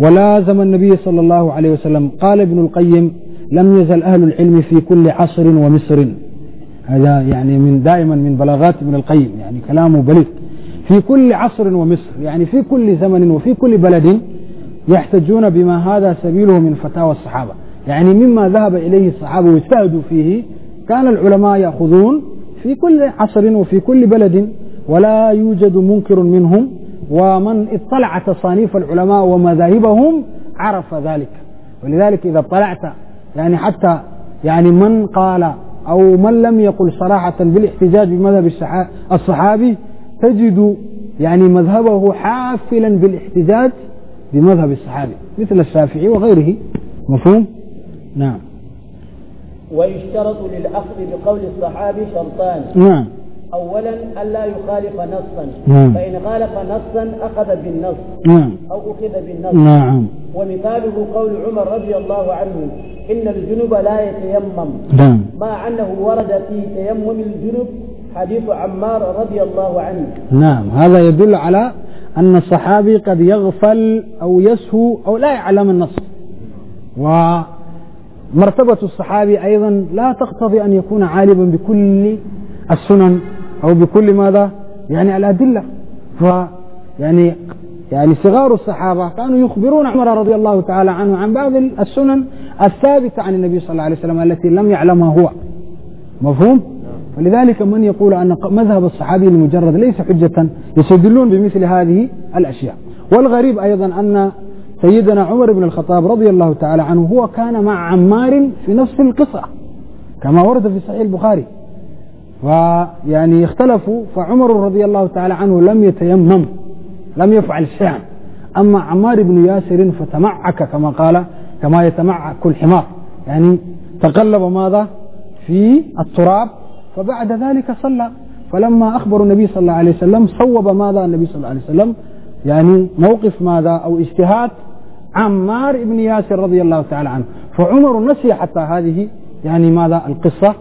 ولازم النبي صلى الله عليه وسلم قال ابن القيم لم يزل أهل العلم في كل عصر ومصر هذا يعني من دائما من بلاغات ابن القيم يعني كلامه بليغ في كل عصر ومصر يعني في كل زمن وفي كل بلد يحتجون بما هذا سبيله من فتاوى الصحابة يعني مما ذهب إليه الصحابة واجتهدوا فيه كان العلماء يأخذون في كل عصر وفي كل بلد ولا يوجد منكر منهم ومن اطلع تصانيف العلماء ومذاهبهم عرف ذلك ولذلك إذا اطلعت يعني حتى يعني من قال أو من لم يقل صراحة بالاحتجاج بمذهب الصحابي تجد يعني مذهبه حافلا بالاحتجاج بمذهب الصحابي مثل الشافعي وغيره مفهوم؟ نعم ويشترط للأخذ بقول الصحابي شرطان نعم أولا ألا يخالف نصا نعم. فإن خالف نصا أخذ بالنص نعم. أو أخذ بالنص نعم. ومثاله قول عمر رضي الله عنه إن الجنب لا يتيمم نعم. مع أنه ورد في تيمم الجنب حديث عمار رضي الله عنه نعم هذا يدل على أن الصحابي قد يغفل أو يسهو أو لا يعلم النص و مرتبة الصحابي أيضا لا تقتضي أن يكون عالما بكل السنن أو بكل ماذا يعني الأدلة ف يعني يعني صغار الصحابة كانوا يخبرون عمر رضي الله تعالى عنه عن بعض السنن الثابتة عن النبي صلى الله عليه وسلم التي لم يعلمها هو مفهوم؟ فلذلك من يقول أن مذهب الصحابي المجرد ليس حجة يستدلون بمثل هذه الأشياء والغريب أيضا أن سيدنا عمر بن الخطاب رضي الله تعالى عنه هو كان مع عمار في نفس القصة كما ورد في صحيح البخاري فيعني اختلفوا فعمر رضي الله تعالى عنه لم يتيمم لم يفعل شيئا أما عمار بن ياسر فتمعك كما قال كما يتمعك الحمار يعني تقلب ماذا في التراب فبعد ذلك صلى فلما أخبر النبي صلى الله عليه وسلم صوب ماذا النبي صلى الله عليه وسلم يعني موقف ماذا أو اجتهاد عمار بن ياسر رضي الله تعالى عنه فعمر نسي حتى هذه يعني ماذا القصة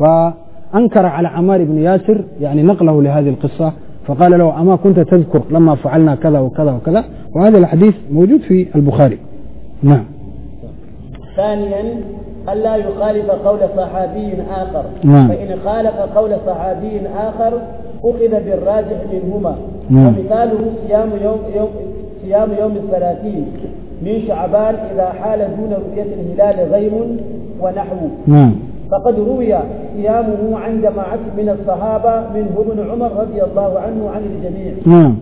فأنكر على عمار بن ياسر يعني نقله لهذه القصة فقال له أما كنت تذكر لما فعلنا كذا وكذا وكذا وهذا الحديث موجود في البخاري نعم ثانيا ألا يخالف قول صحابي آخر نعم. فإن خالف قول صحابي آخر أخذ بالراجح منهما نعم. ومثاله صيام يوم, يوم صيام يوم الثلاثين من شعبان إذا حال دون رؤية الهلال غيم ونحوه نعم فقد روي صيامه عن جماعة من الصحابة منهم ابن عمر رضي الله عنه عن الجميع نعم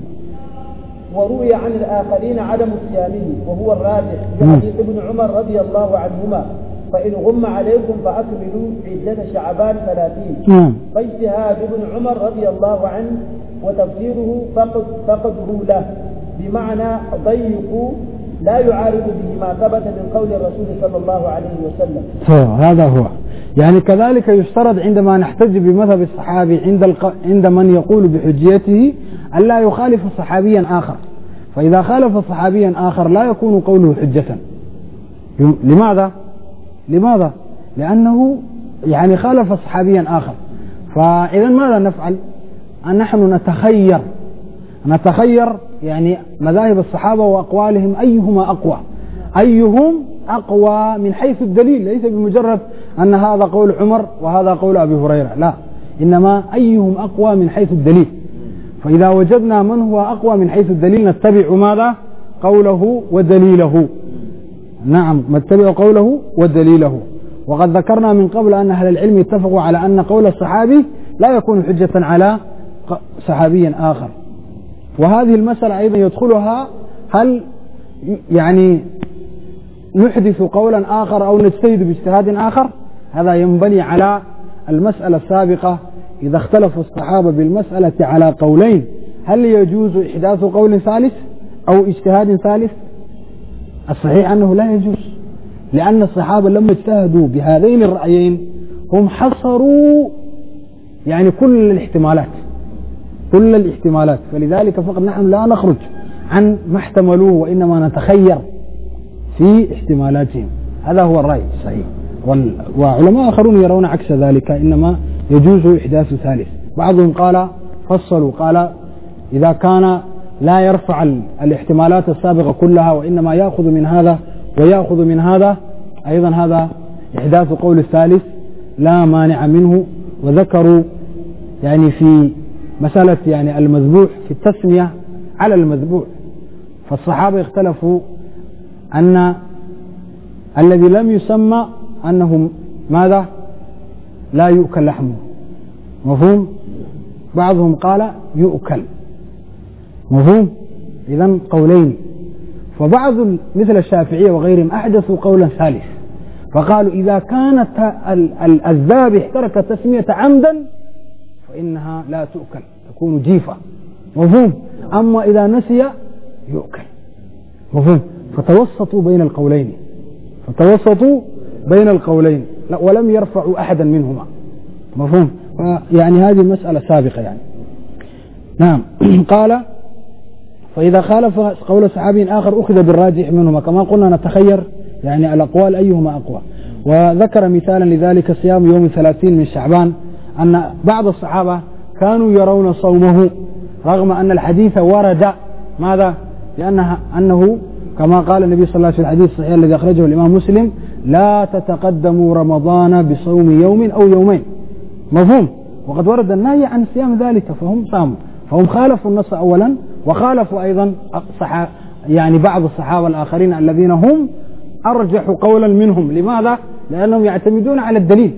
وروي عن الآخرين عدم صيامه وهو الراجح بحديث نعم. ابن عمر رضي الله عنهما فإن غم عليكم فأكملوا عدة شعبان ثلاثين نعم. فاجتهاد ابن عمر رضي الله عنه وتفسيره فقد فقده له بمعنى ضيقوا لا يعارض به ما ثبت من قول الرسول صلى الله عليه وسلم هذا هو يعني كذلك يشترط عندما نحتج بمذهب الصحابي عند الق... عند من يقول بحجيته ان لا يخالف صحابيا آخر فإذا خالف صحابيا آخر لا يكون قوله حجة لماذا؟ لماذا؟ لأنه يعني خالف صحابيا آخر فإذا ماذا نفعل؟ نحن نتخير نتخير يعني مذاهب الصحابة وأقوالهم أيهما أقوى أيهم أقوى من حيث الدليل ليس بمجرد أن هذا قول عمر وهذا قول أبي هريرة لا إنما أيهم أقوى من حيث الدليل فإذا وجدنا من هو أقوى من حيث الدليل نتبع ماذا قوله ودليله نعم نتبع قوله ودليله وقد ذكرنا من قبل أن أهل العلم اتفقوا على أن قول الصحابي لا يكون حجة على صحابي آخر وهذه المسألة أيضا يدخلها هل يعني نحدث قولا آخر أو نجتهد باجتهاد آخر هذا ينبني على المسألة السابقة إذا اختلف الصحابة بالمسألة على قولين هل يجوز إحداث قول ثالث أو اجتهاد ثالث الصحيح أنه لا يجوز لأن الصحابة لما اجتهدوا بهذين الرأيين هم حصروا يعني كل الاحتمالات كل الاحتمالات فلذلك فقط نحن لا نخرج عن ما احتملوه وإنما نتخير في احتمالاتهم هذا هو الرأي الصحيح وعلماء آخرون يرون عكس ذلك إنما يجوز إحداث ثالث بعضهم قال فصلوا قال إذا كان لا يرفع الاحتمالات السابقة كلها وإنما يأخذ من هذا ويأخذ من هذا أيضا هذا إحداث قول الثالث لا مانع منه وذكروا يعني في مسألة يعني المذبوح في التسمية على المذبوح فالصحابة اختلفوا أن الذي لم يسمى أنه ماذا لا يؤكل لحمه مفهوم بعضهم قال يؤكل مفهوم إذا قولين وبعض مثل الشافعية وغيرهم أحدثوا قولا ثالث فقالوا إذا كانت الذابح ترك تسمية عمدا فإنها لا تؤكل تكون جيفة مفهوم أما إذا نسي يؤكل مفهوم فتوسطوا بين القولين فتوسطوا بين القولين لا ولم يرفعوا أحدا منهما مفهوم يعني هذه مسألة سابقة يعني نعم [clears throat] قال فإذا خالف قول صحابي آخر أخذ بالراجح منهما كما قلنا نتخير يعني الأقوال أيهما أقوى وذكر مثالا لذلك صيام يوم ثلاثين من شعبان أن بعض الصحابة كانوا يرون صومه رغم أن الحديث ورد ماذا؟ لأنه أنه كما قال النبي صلى الله عليه وسلم في الحديث الصحيح الذي أخرجه الإمام مسلم لا تتقدموا رمضان بصوم يوم أو يومين مفهوم وقد ورد النهي عن صيام ذلك فهم صاموا فهم خالفوا النص أولا وخالفوا أيضا صح يعني بعض الصحابة الآخرين الذين هم أرجح قولا منهم لماذا؟ لأنهم يعتمدون على الدليل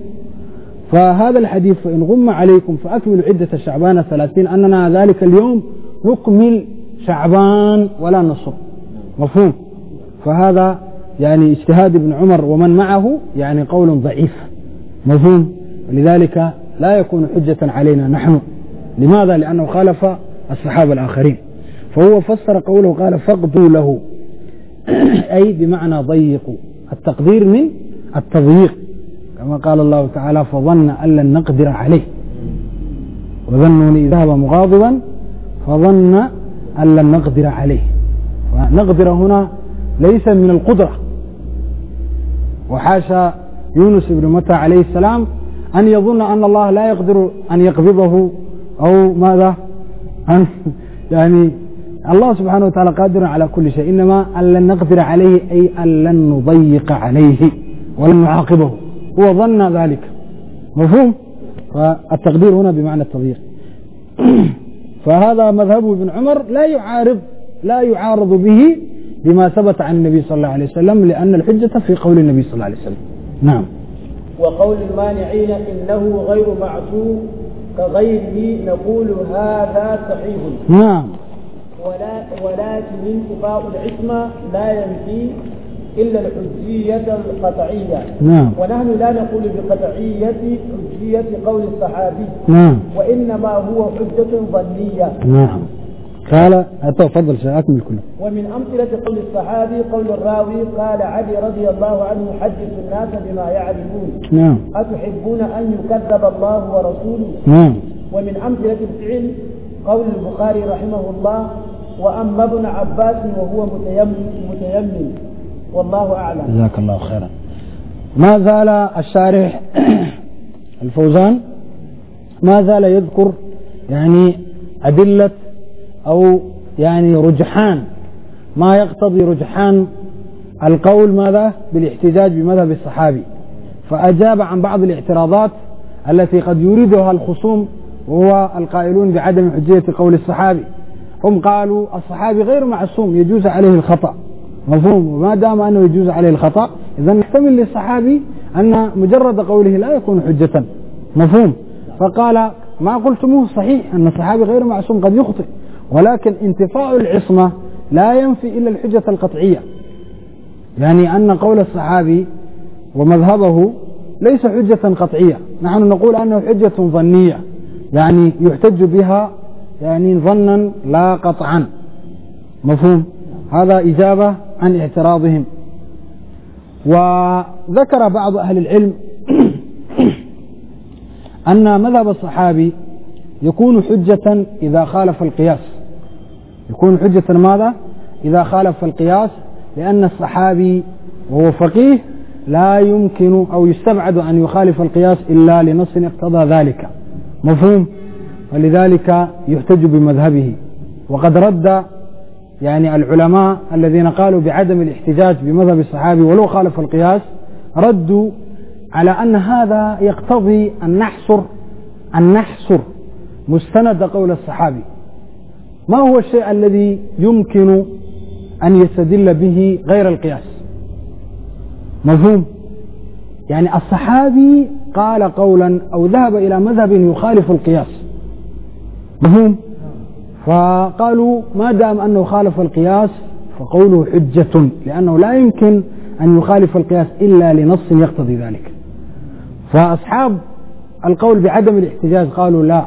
فهذا الحديث فإن غم عليكم فأكملوا عدة شعبان ثلاثين أننا ذلك اليوم نكمل شعبان ولا نصوم مفهوم فهذا يعني اجتهاد ابن عمر ومن معه يعني قول ضعيف مفهوم ولذلك لا يكون حجة علينا نحن لماذا لأنه خالف الصحابة الآخرين فهو فسر قوله قال فاقضوا له [clears throat] أي بمعنى ضيقوا التقدير من التضييق كما قال الله تعالى فظن أن لن نقدر عليه وظنوني ذهب مغاضبا فظن أن لن نقدر عليه ونقدر هنا ليس من القدرة وحاشا يونس بن متى عليه السلام أن يظن أن الله لا يقدر أن يقبضه أو ماذا أن [laughs] يعني الله سبحانه وتعالى قادر على كل شيء إنما أن لن نقدر عليه أي أن لن نضيق عليه ولن نعاقبه هو ظن ذلك مفهوم فالتقدير هنا بمعنى التضييق [clears throat] فهذا مذهب ابن عمر لا يعارض لا يعارض به بما ثبت عن النبي صلى الله عليه وسلم لأن الحجة في قول النبي صلى الله عليه وسلم نعم وقول المانعين إنه غير معصوم كغيره نقول هذا صحيح نعم ولا ولكن انتفاء العصمة لا ينفي إلا الحجية القطعية نعم ونحن لا نقول بقطعية حجية قول الصحابي نعم وإنما هو حجة ظنية نعم قال تفضل سأكمل كله ومن أمثلة قول الصحابي قول الراوي قال علي رضي الله عنه حدث الناس بما يعرفون نعم أتحبون أن يكذب الله ورسوله نعم ومن أمثلة الفعل قول البخاري رحمه الله وأما ابن عباس وهو متيمم متيمم والله أعلم جزاك الله خيرا ما زال الشارح [clears throat] الفوزان ما زال يذكر يعني أدلة أو يعني رجحان ما يقتضي رجحان القول ماذا بالاحتجاج بمذهب الصحابي فأجاب عن بعض الاعتراضات التي قد يريدها الخصوم وهو القائلون بعدم حجية قول الصحابي هم قالوا الصحابي غير معصوم يجوز عليه الخطأ مفهوم وما دام أنه يجوز عليه الخطأ إذا نحتمل للصحابي أن مجرد قوله لا يكون حجة مفهوم فقال ما قلتموه صحيح أن الصحابي غير معصوم قد يخطئ ولكن انتفاء العصمة لا ينفي إلا الحجة القطعية يعني أن قول الصحابي ومذهبه ليس حجة قطعية نحن نقول أنه حجة ظنية يعني يحتج بها يعني ظنا لا قطعا مفهوم هذا إجابة عن اعتراضهم وذكر بعض أهل العلم [clears throat] أن مذهب الصحابي يكون حجة إذا خالف القياس يكون حجة ماذا؟ إذا خالف القياس لأن الصحابي وهو فقيه لا يمكن أو يستبعد أن يخالف القياس إلا لنص اقتضى ذلك مفهوم ولذلك يحتج بمذهبه وقد رد يعني العلماء الذين قالوا بعدم الاحتجاج بمذهب الصحابي ولو خالف القياس ردوا على أن هذا يقتضي أن نحصر أن نحصر مستند قول الصحابي ما هو الشيء الذي يمكن أن يستدل به غير القياس مفهوم يعني الصحابي قال قولا أو ذهب إلى مذهب يخالف القياس مفهوم فقالوا ما دام أنه خالف القياس فقوله حجة لأنه لا يمكن أن يخالف القياس إلا لنص يقتضي ذلك فأصحاب القول بعدم الاحتجاج قالوا لا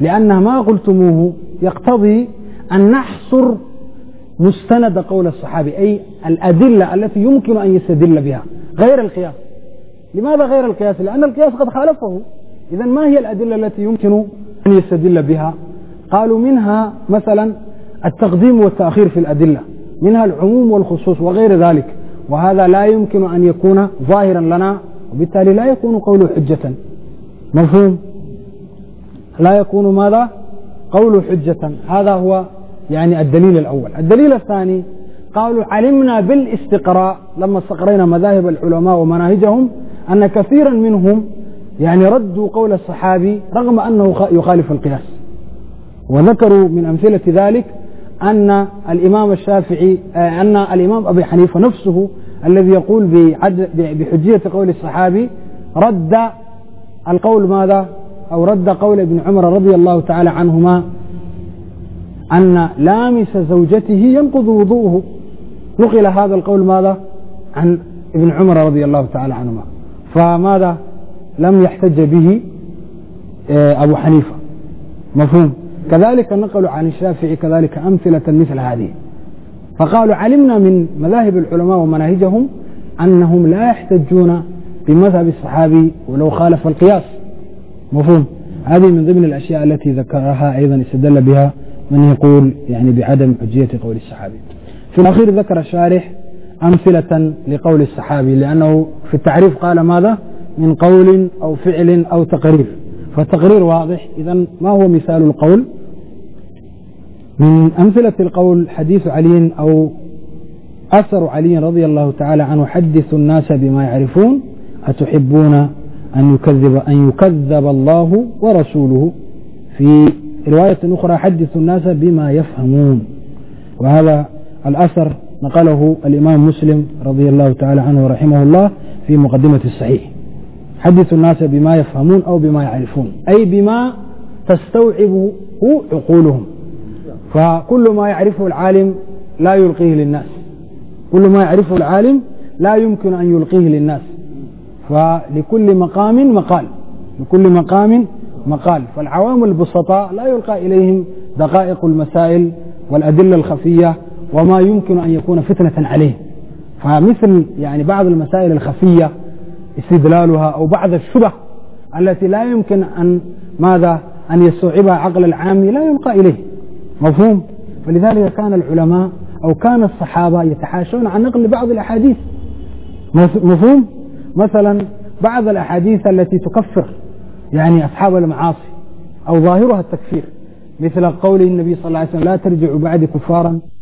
لأن ما قلتموه يقتضي أن نحصر مستند قول الصحابي أي الأدلة التي يمكن أن يستدل بها غير القياس لماذا غير القياس؟ لأن القياس قد خالفه إذا ما هي الأدلة التي يمكن أن يستدل بها قالوا منها مثلا التقديم والتأخير في الأدلة منها العموم والخصوص وغير ذلك وهذا لا يمكن أن يكون ظاهرا لنا وبالتالي لا يكون قوله حجة مفهوم لا يكون ماذا قوله حجة هذا هو يعني الدليل الأول الدليل الثاني قالوا علمنا بالاستقراء لما استقرينا مذاهب العلماء ومناهجهم أن كثيرا منهم يعني ردوا قول الصحابي رغم أنه يخالف القياس وذكروا من أمثلة ذلك أن الإمام الشافعي آه، أن الإمام أبي حنيفة نفسه الذي يقول بحجية قول الصحابي رد القول ماذا أو رد قول ابن عمر رضي الله تعالى عنهما أن لامس زوجته ينقض وضوءه نقل هذا القول ماذا عن ابن عمر رضي الله تعالى عنهما فماذا لم يحتج به آه، أبو حنيفة مفهوم كذلك نقلوا عن الشافعي كذلك أمثلة مثل هذه فقالوا علمنا من مذاهب العلماء ومناهجهم أنهم لا يحتجون بمذهب الصحابي ولو خالف القياس مفهوم هذه من ضمن الأشياء التي ذكرها أيضا استدل بها من يقول يعني بعدم حجية قول الصحابي في الأخير ذكر الشارح أمثلة لقول الصحابي لأنه في التعريف قال ماذا من قول أو فعل أو تقرير فالتقرير واضح إذا ما هو مثال القول من أمثلة القول حديث علي أو أثر علي رضي الله تعالى عنه حدث الناس بما يعرفون أتحبون أن يكذب أن يكذب الله ورسوله في رواية أخرى حدث الناس بما يفهمون وهذا الأثر نقله الإمام مسلم رضي الله تعالى عنه ورحمه الله في مقدمة الصحيح حدث الناس بما يفهمون أو بما يعرفون أي بما تستوعبه عقولهم فكل ما يعرفه العالم لا يلقيه للناس كل ما يعرفه العالم لا يمكن أن يلقيه للناس فلكل مقام مقال لكل مقام مقال فالعوام البسطاء لا يلقى إليهم دقائق المسائل والأدلة الخفية وما يمكن أن يكون فتنة عليه فمثل يعني بعض المسائل الخفية استدلالها أو بعض الشبه التي لا يمكن أن ماذا أن يستوعبها عقل العام لا يلقى إليه مفهوم فلذلك كان العلماء أو كان الصحابة يتحاشون عن نقل بعض الأحاديث مفهوم مثلا بعض الأحاديث التي تكفر يعني أصحاب المعاصي أو ظاهرها التكفير مثل قول النبي صلى الله عليه وسلم لا ترجعوا بعد كفارا